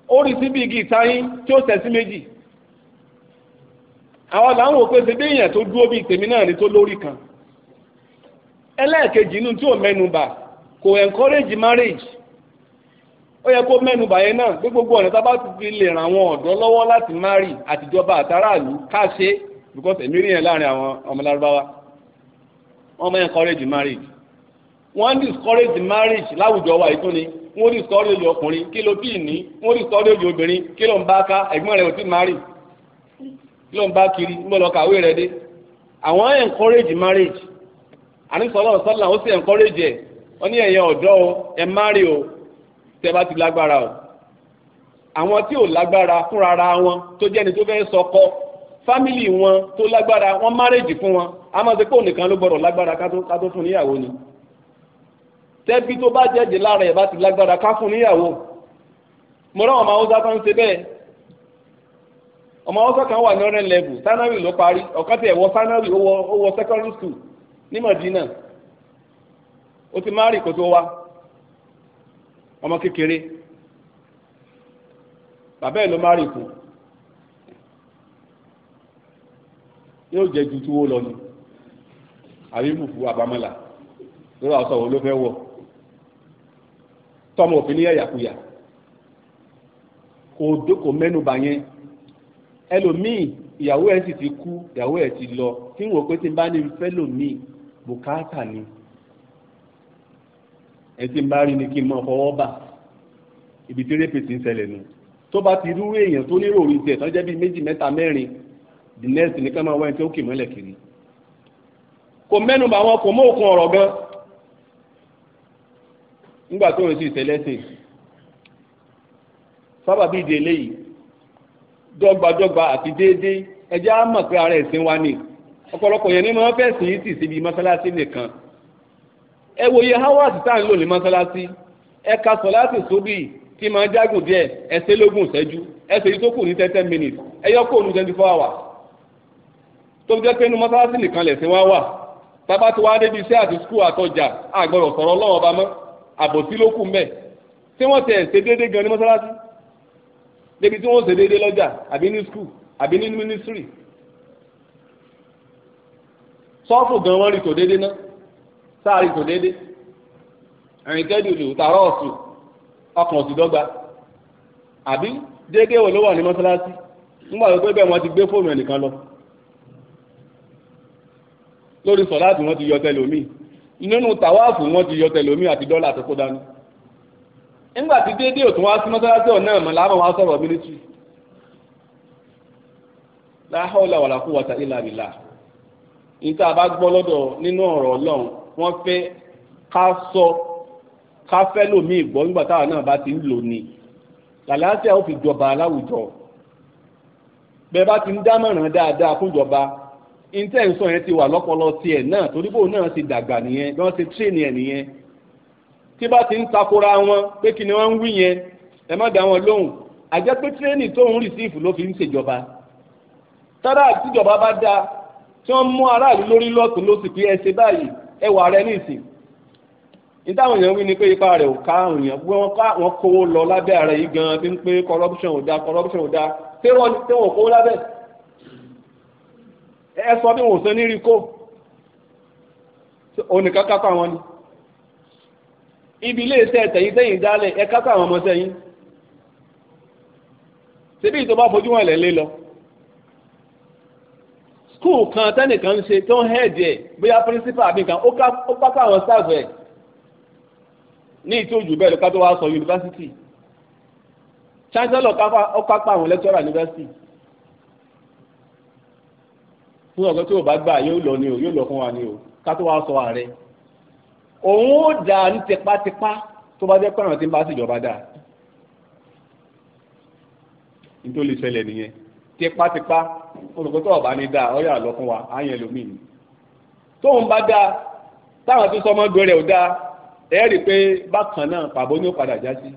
ó rí sí bí igi ìtayín tí ó tẹ̀ sí méjì àwọn làwọn ò pé ṣe bí èèyàn tó dúró bí tèmi náà ni tó lórí kan ẹlẹ́ẹ̀kejì inú tí ò mẹ́nu bà kò encourage marriage ó yẹ kó mẹ́nu bàyẹn náà pé gbogbo ọ̀nà tá a bá ti fi lè ràn àwọn ọ̀dọ́ lọ́wọ́ láti márì àtijọba àtàràlú ká ṣe because èmi rí yẹn láàrin àwọn ọmọ lárúbáwá wọ́n máa encourage marriage wọ́n discourage marriage láwùjọ wa yìí tó ni wọ́n discourage ọkùnrin kí ló bí ní wọ́n discourage obìnrin kí ló ń bá ká ẹ̀gbọ́n rẹ̀ ò tí marry kí ló ń bá kiri ń bọ̀ lọ kàwé rẹ̀ dé àwọn encourage marriage àníṣọ́lọ́ sọ́là ó sì encourage ẹ̀ wọ́n ní ẹ̀yẹ ọ̀dọ́ o ẹ̀ marry o tẹ́ bá ti lágbára o àwọn tí ò lágbára fúnra ara wọn tó jẹ́ni tó fẹ́ sọkọ fámìlì wọn tó lágbára wọn márèjì fún wọn a máa ṣe pé òun nìkan ló gbọ́dọ̀ lágbára ká tó fún níyàwó ni tẹ́bí tó bá jẹ́jẹ́ lára ẹ̀ bá ti lágbára ká fún níyàwó mo rán ọmọ haúsá tó ṣe bẹ́ẹ̀ ọmọ haúsá kan wà ní ọ̀rẹ́ lẹ́bù sanari ló parí ọ̀kan tí ẹ̀ wọ sanari ó wọ secondary school ní Madina ó ti má kó tó wá ọmọ kékeré bàbá ẹ̀ ló má rìn kù yóò jẹ ju túwó lọ ni àbí bùkù àbámọ́là lórí àwọn sọ̀rọ̀ ló fẹ́ wọ̀ tọmọ òfin ní ẹ̀yàkuyà kò dókò mẹ́nubà yẹn ẹlòmíì ìyàwó ẹ̀ sì ti kú ìyàwó ẹ̀ ti lọ tí wọ́n pé tí n bá ní fẹ́ bùkátà ni ẹtí ń bá rí ni kí n máa fọwọ́ bà ibi tí rẹ́pì ti ń ṣẹlẹ̀ nù tó bá ti rúwé èèyàn tó nírò orí tiẹ̀ tán jẹ́ bíi méjì mẹ́ta mẹ́rin the next ní ká máa wá ẹni tí ó kì mọ́lẹ̀ kiri kò mẹ́nu bá wọn kò mọ òkun ọ̀rọ̀ gan nígbà tó ń sì tẹ́lẹ́sìn sábà bíi ìdílé yìí dọ́gbadọ́gba àti déédéé ẹjẹ́ á mọ̀ pé ara ẹ̀sìn wa ni ọ̀pọ̀lọpọ̀ yẹn ní mo fẹ́ sìn í sì síbi mọ́sálásí nìkan ẹ wòye howard tá à ń lò ní mọ́sálásí ẹ ka sọ̀láàtì sóbì tí máa jágùn díẹ̀ ẹ ṣe lógún ìṣẹ́jú ẹ ṣèyí tó kù ní ten ten minutes ẹ yọ kó nu twenty four hours tó fi jẹ́ pé inú mọ́sálásí nìkan lẹ̀sìn wá wà tábà tí wàá débi iṣẹ́ àti skul àtọjà àgbọ̀rọ̀ sọ̀rọ̀ lọ́wọ́ ọba mọ́ àbòsí ló kù mẹ́ tí wọ́n tẹ̀ ṣe déédéé gan ní mọ́sálásí débi tí wọ́n ṣe déédéé lọ́jà àbí ní skul àbí ní mínísírì sọ́ọ̀fù gan wọ́n rí tò déédéé náà sáàrí tó déédé ẹ̀rìn kẹ́dù lù tààrọ̀ ọ̀sùn ọkàn ọ̀sùn dọ́gba àbí déédé wò ló wà ní mọ́sálásí nígbà tó pé bẹ́ẹ̀ wọ́n ti gbé fóònù ẹnìkan lọ lórí sọ̀láàtì wọ́n ti yọ tẹlómi nínú tàwáàfù wọ́n ti yọ tẹlómi àti dọ́là tó kó dání nígbà tí déédé ò wá sí mọ́sálásí ọ̀nà ẹ̀mọ́ láàmú wá sọ̀rọ̀ mílítírì la hawla wala quwwata illa wọ́n fẹ́ ká sọ ká fẹ́ lòmíì gbọ́ nígbà táwọn náà bá ti ń lò ní làlàáfíà ó fi jọba láwùjọ bẹ́ẹ̀ bá ti ń dámọ̀ràn dáadáa fún ìjọba intẹ́ ń sọ yẹn ti wà lọ́pọlọ tiẹ̀ náà torí bóun náà ti dàgbà nìyẹn bí wọ́n ti tírèèni ẹ̀ nìyẹn tí bá ti ń takora wọn pé kí ni wọ́n ń wí yẹn ẹ má dá wọn lóhùn àjẹ́ pé tírèèni tó ń rìsíìfù ló fi ń ṣèjọba tára àtijọba bá dáa tí wọ́n mú aráàlú lórí lọ́tún ló sì pé ẹ báyìí ẹwà rẹ ní ìsìn ìtàwọn èèyàn wí ni pé ipa rẹ̀ ò ká àwọn èèyàn pé wọ́n kówó lọ lábẹ́ ààrẹ yìí gan bí ń pé corruption ò da corruption ò da tẹ́wọ̀n tẹ́wọ̀n kówó lábẹ́ ẹ sọ bí wọn ò sọ ní rí kó onìkan kápá wọn ni ibi ilé iṣẹ́ tẹ̀yìn tẹ̀yìn dálẹ̀ ẹ kápá àwọn ọmọ sẹ́yìn síbi ìtọ́ bá fojú wọn lẹ̀ lé lọ skul kan tẹ́nìkan ń ṣe tó ń hẹ́ẹ̀dì ẹ̀ bóyá principal àbí nǹkan ó pátá àwọn staff ẹ̀ ní ìtòjú bẹ́ẹ̀ ló ká tó wá sọ yunifásitì chancellor ó kápá àwọn lecturer yunifásitì fún ọ̀gọ́ tí ò bá gbà yóò lọ ni o yóò lọ fún wa ni o ká tó wá sọ ààrẹ òun ó dà ní tipátipá tó bá jẹ́ pẹ́ràn tí ń bá ṣèjọba dà nítorí ìṣẹ̀lẹ̀ nìyẹn tipátipá olùkọ́ tó ọ̀bá ní dáa ọ̀yà lọ fún wa àyàn ẹlòmíì ni tóun bá dáa táwọn tó sọmọ gbé rẹ̀ ò dáa ẹ̀ rí i pé bákan náà pàbó ní ó padà já sí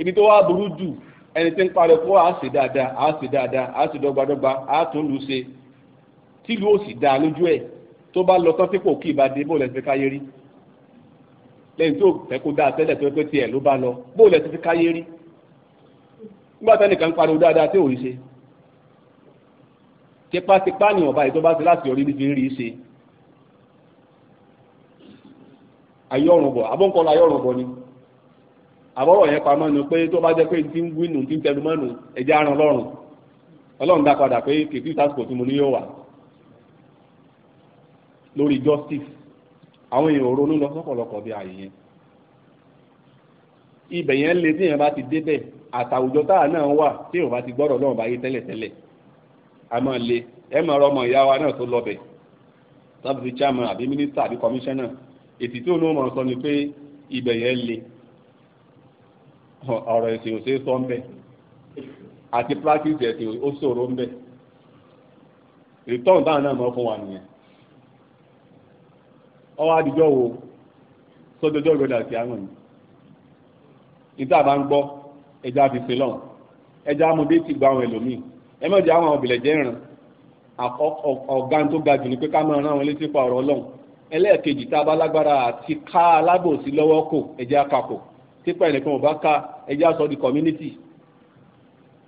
ibi tó wá burú jù ẹni tí ń parẹ́ fún àá sì dáadáa àá sì dáadáa àá sì dọ́gbadọ́gba àá tún lù ú ṣe tílu ó sì dáa lójú ẹ̀ tó bá lọ tán sípò kí ìbá dé bó lẹ́sìn káyé rí lẹ́yìn tó fẹ́ kó dáa tẹ́lẹ̀ tó pé tiẹ̀ ló bá lọ bó lẹ́sìn káyé rí nígbà tẹ́nìkan ń pariwo dáadáa tí ò ń ṣe tipátipá ni ọba ìjọba ti láti orí níbi rí ṣe ayọ́rùnbọ̀ abọ́nkọ́lá ayọ́rùnbọ̀ ni àbọ̀rọ̀ yẹn pamọ́ ni pé tó bá jẹ́ pé ti ń wínú ti ń tẹnu mọ́nu ẹ̀jẹ̀ aràn lọ́rùn ọlọ́run dá padà pé kìkì sásìkò tí mo ní yóò wà lórí justice àwọn èèyàn ronú lọ sọ́kọ̀lọkọ̀ bí ààyè yẹn ibẹ̀ yẹn lè tí yẹn bá ti débẹ̀ àtàwùjọ táà náà wà tí yóò bá ti gbọ́dọ̀ lọ́rùn báyé tẹ́lẹ̀tẹ́lẹ̀ a máa le ẹ máa rọ ọmọ ìyá wa náà tó lọbẹ̀ sábà fi chairman àbí mínísítà àbí kọmíṣánná ètì tí òun máa sọ ni pé ibẹ̀ yẹn le ọ̀rọ̀ ẹ̀sìn ò ṣeé sọ ń bẹ̀ àti practice ẹ̀sìn ó ṣòro ń bẹ̀ return báwọn náà mọ̀ fún wa nìyẹn ọwọ́ àdìjọ́ wo sọ́jọ́jọ́ ìgbẹ́dà sí àwọn yìí níta bá ń gbọ́ ẹja fi ṣe ẹja amúdé ti gba àwọn ẹlòmíì ẹ mọ̀jọ àwọn ọ̀bìlẹ̀ jẹ́ ìràn ọ̀gán tó ga jù ní pé ká máa rán wọn létí pa ọ̀rọ̀ ọlọ́run ẹlẹ́ẹ̀kejì tá a bá lágbára àti ká alábòsí lọ́wọ́ kò ẹ̀jẹ̀ àpapọ̀ típa ẹnìkan ò bá ká ẹ̀jẹ̀ àsọ di community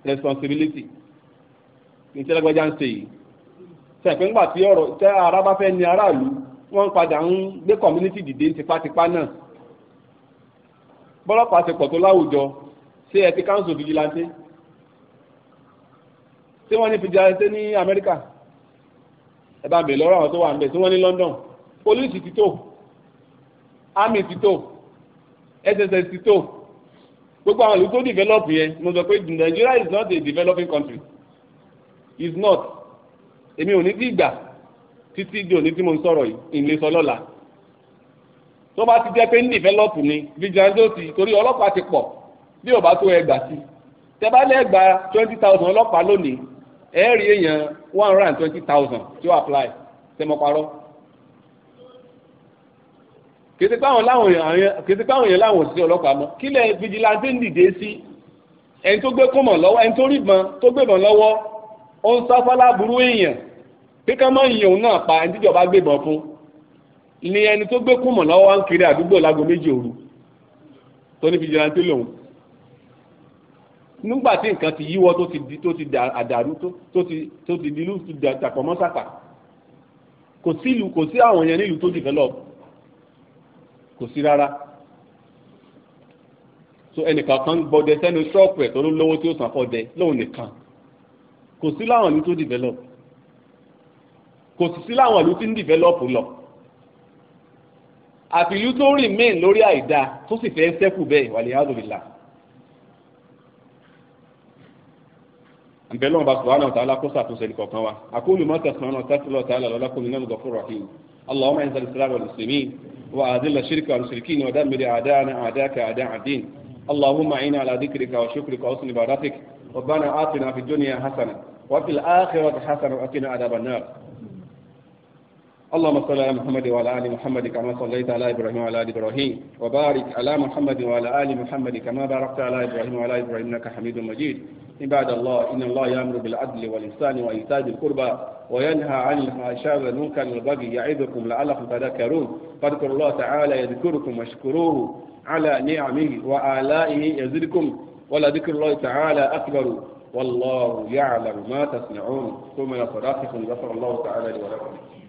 responsibility ní tí ẹlẹ́gbẹ́já ń ṣe yìí sẹ̀pẹ́ ńgbà tí ọ̀rọ̀ tẹ́ ara bá fẹ́ ní aráàlú wọ́n padà ń gbé community dìde tipátipá náà bọ́lọ́pàá ti pọ̀ tó láwùjọ ṣé ẹ ti council vigilante tí wọ́n ní fìjàrete ní Amẹ́ríkà ẹ bá lọ́rọ̀ àwọn tó wà níbẹ̀ tí wọ́n ní London polisi ti tó army ti tó SSS ti tó gbogbo àwọn ìlú tó develop yẹn mo sọ pé Nigeria is not a developing country is not èmi ò ní ti gbà títí di òní tí mo ń sọ̀rọ̀ yìí ìlẹ̀ sọ lọ́la tó bá ti jẹ́ pé ń develop ni vigilante ó ti torí ọlọ́pàá ti pọ̀ bí ò bá tó ẹgbàá sí tẹ bá lẹ́gbàá twenty thousand ọlọ́pàá lónìí ẹ̀ẹ́rì èèyàn one hundred and twenty thousand tí ó apply tẹmọparọ́ kìtì páwọn láwọn èèyàn kìtì páwọn èèyàn láwọn òṣìṣẹ́ ọlọ́pàá mọ́ kílẹ̀ fìjìláńtì ń dìde sí ẹni tó gbé kọ́mọ̀ lọ́wọ́ ẹni tó rí ìbọn tó gbé ìbọn lọ́wọ́ ó ń sáfá láburú èèyàn pé ká má òun náà pa ẹni tíjọba gbé ìbọn fún ni ẹni tó gbé kọ́mọ̀ lọ́wọ́ wá ń kiri àdúgbò lágo méjì òru tó ní fìjìláńtì lòun nígbà tí nǹkan ti yíwọ́ tó ti di tó ti àdàrú tó ti tó ti dilú ti dàpọ̀ mọ́ sàkà kò sí ìlú kò sí àwọn yẹn nílùú tó develop kò sí rárá so ẹnìkan kan gbọdẹ sẹ́nu ṣọ́ọ̀pù ẹ̀ tó ló lówó tí ó sàn fọdẹ lóun nìkan kò sí láwọn ìlú tó develop kò sì sí láwọn ìlú tí ń develop lọ àfi ìlú tó remain lórí àìdáa tó sì fẹ́ sẹ́kù bẹ́ẹ̀ wàlẹ̀ yàrá òbí là. àbẹ̀ lọ́wọ́ bá sùwánà ọ̀tá alákóso àtúnṣe nìkọ̀ọ̀kan wa àkóòlù mọ́tẹ̀sán náà tẹ́sílọ̀ tààlà lọ́lákùn nínú gọ̀fún rahim allahumma inzal islam wal muslimin wa adilla shirka wal mushrikin wa dammir a'dana a'daka a'da'a din allahumma a'inna ala dhikrika wa shukrika wa husni ibadatik rabbana atina fid hasana wa fil akhirati hasana wa qina adhaban nar اللهم صل على محمد وعلى ال محمد كما صليت على ابراهيم وعلى ال ابراهيم وبارك على محمد وعلى ال محمد كما باركت على ابراهيم وعلى ال ابراهيم انك حميد مجيد عباد الله إن الله يأمر بالعدل والإحسان وإيتاء ذي القربى وينهى عن الفحشاء والمنكر والبغي يعظكم لعلكم تذكرون فاذكروا الله تعالى يذكركم واشكروه على نعمه وآلائه يزدكم ولذكر الله تعالى أكبر والله يعلم ما تصنعون ثم يصرفكم غفر الله تعالى لي ولكم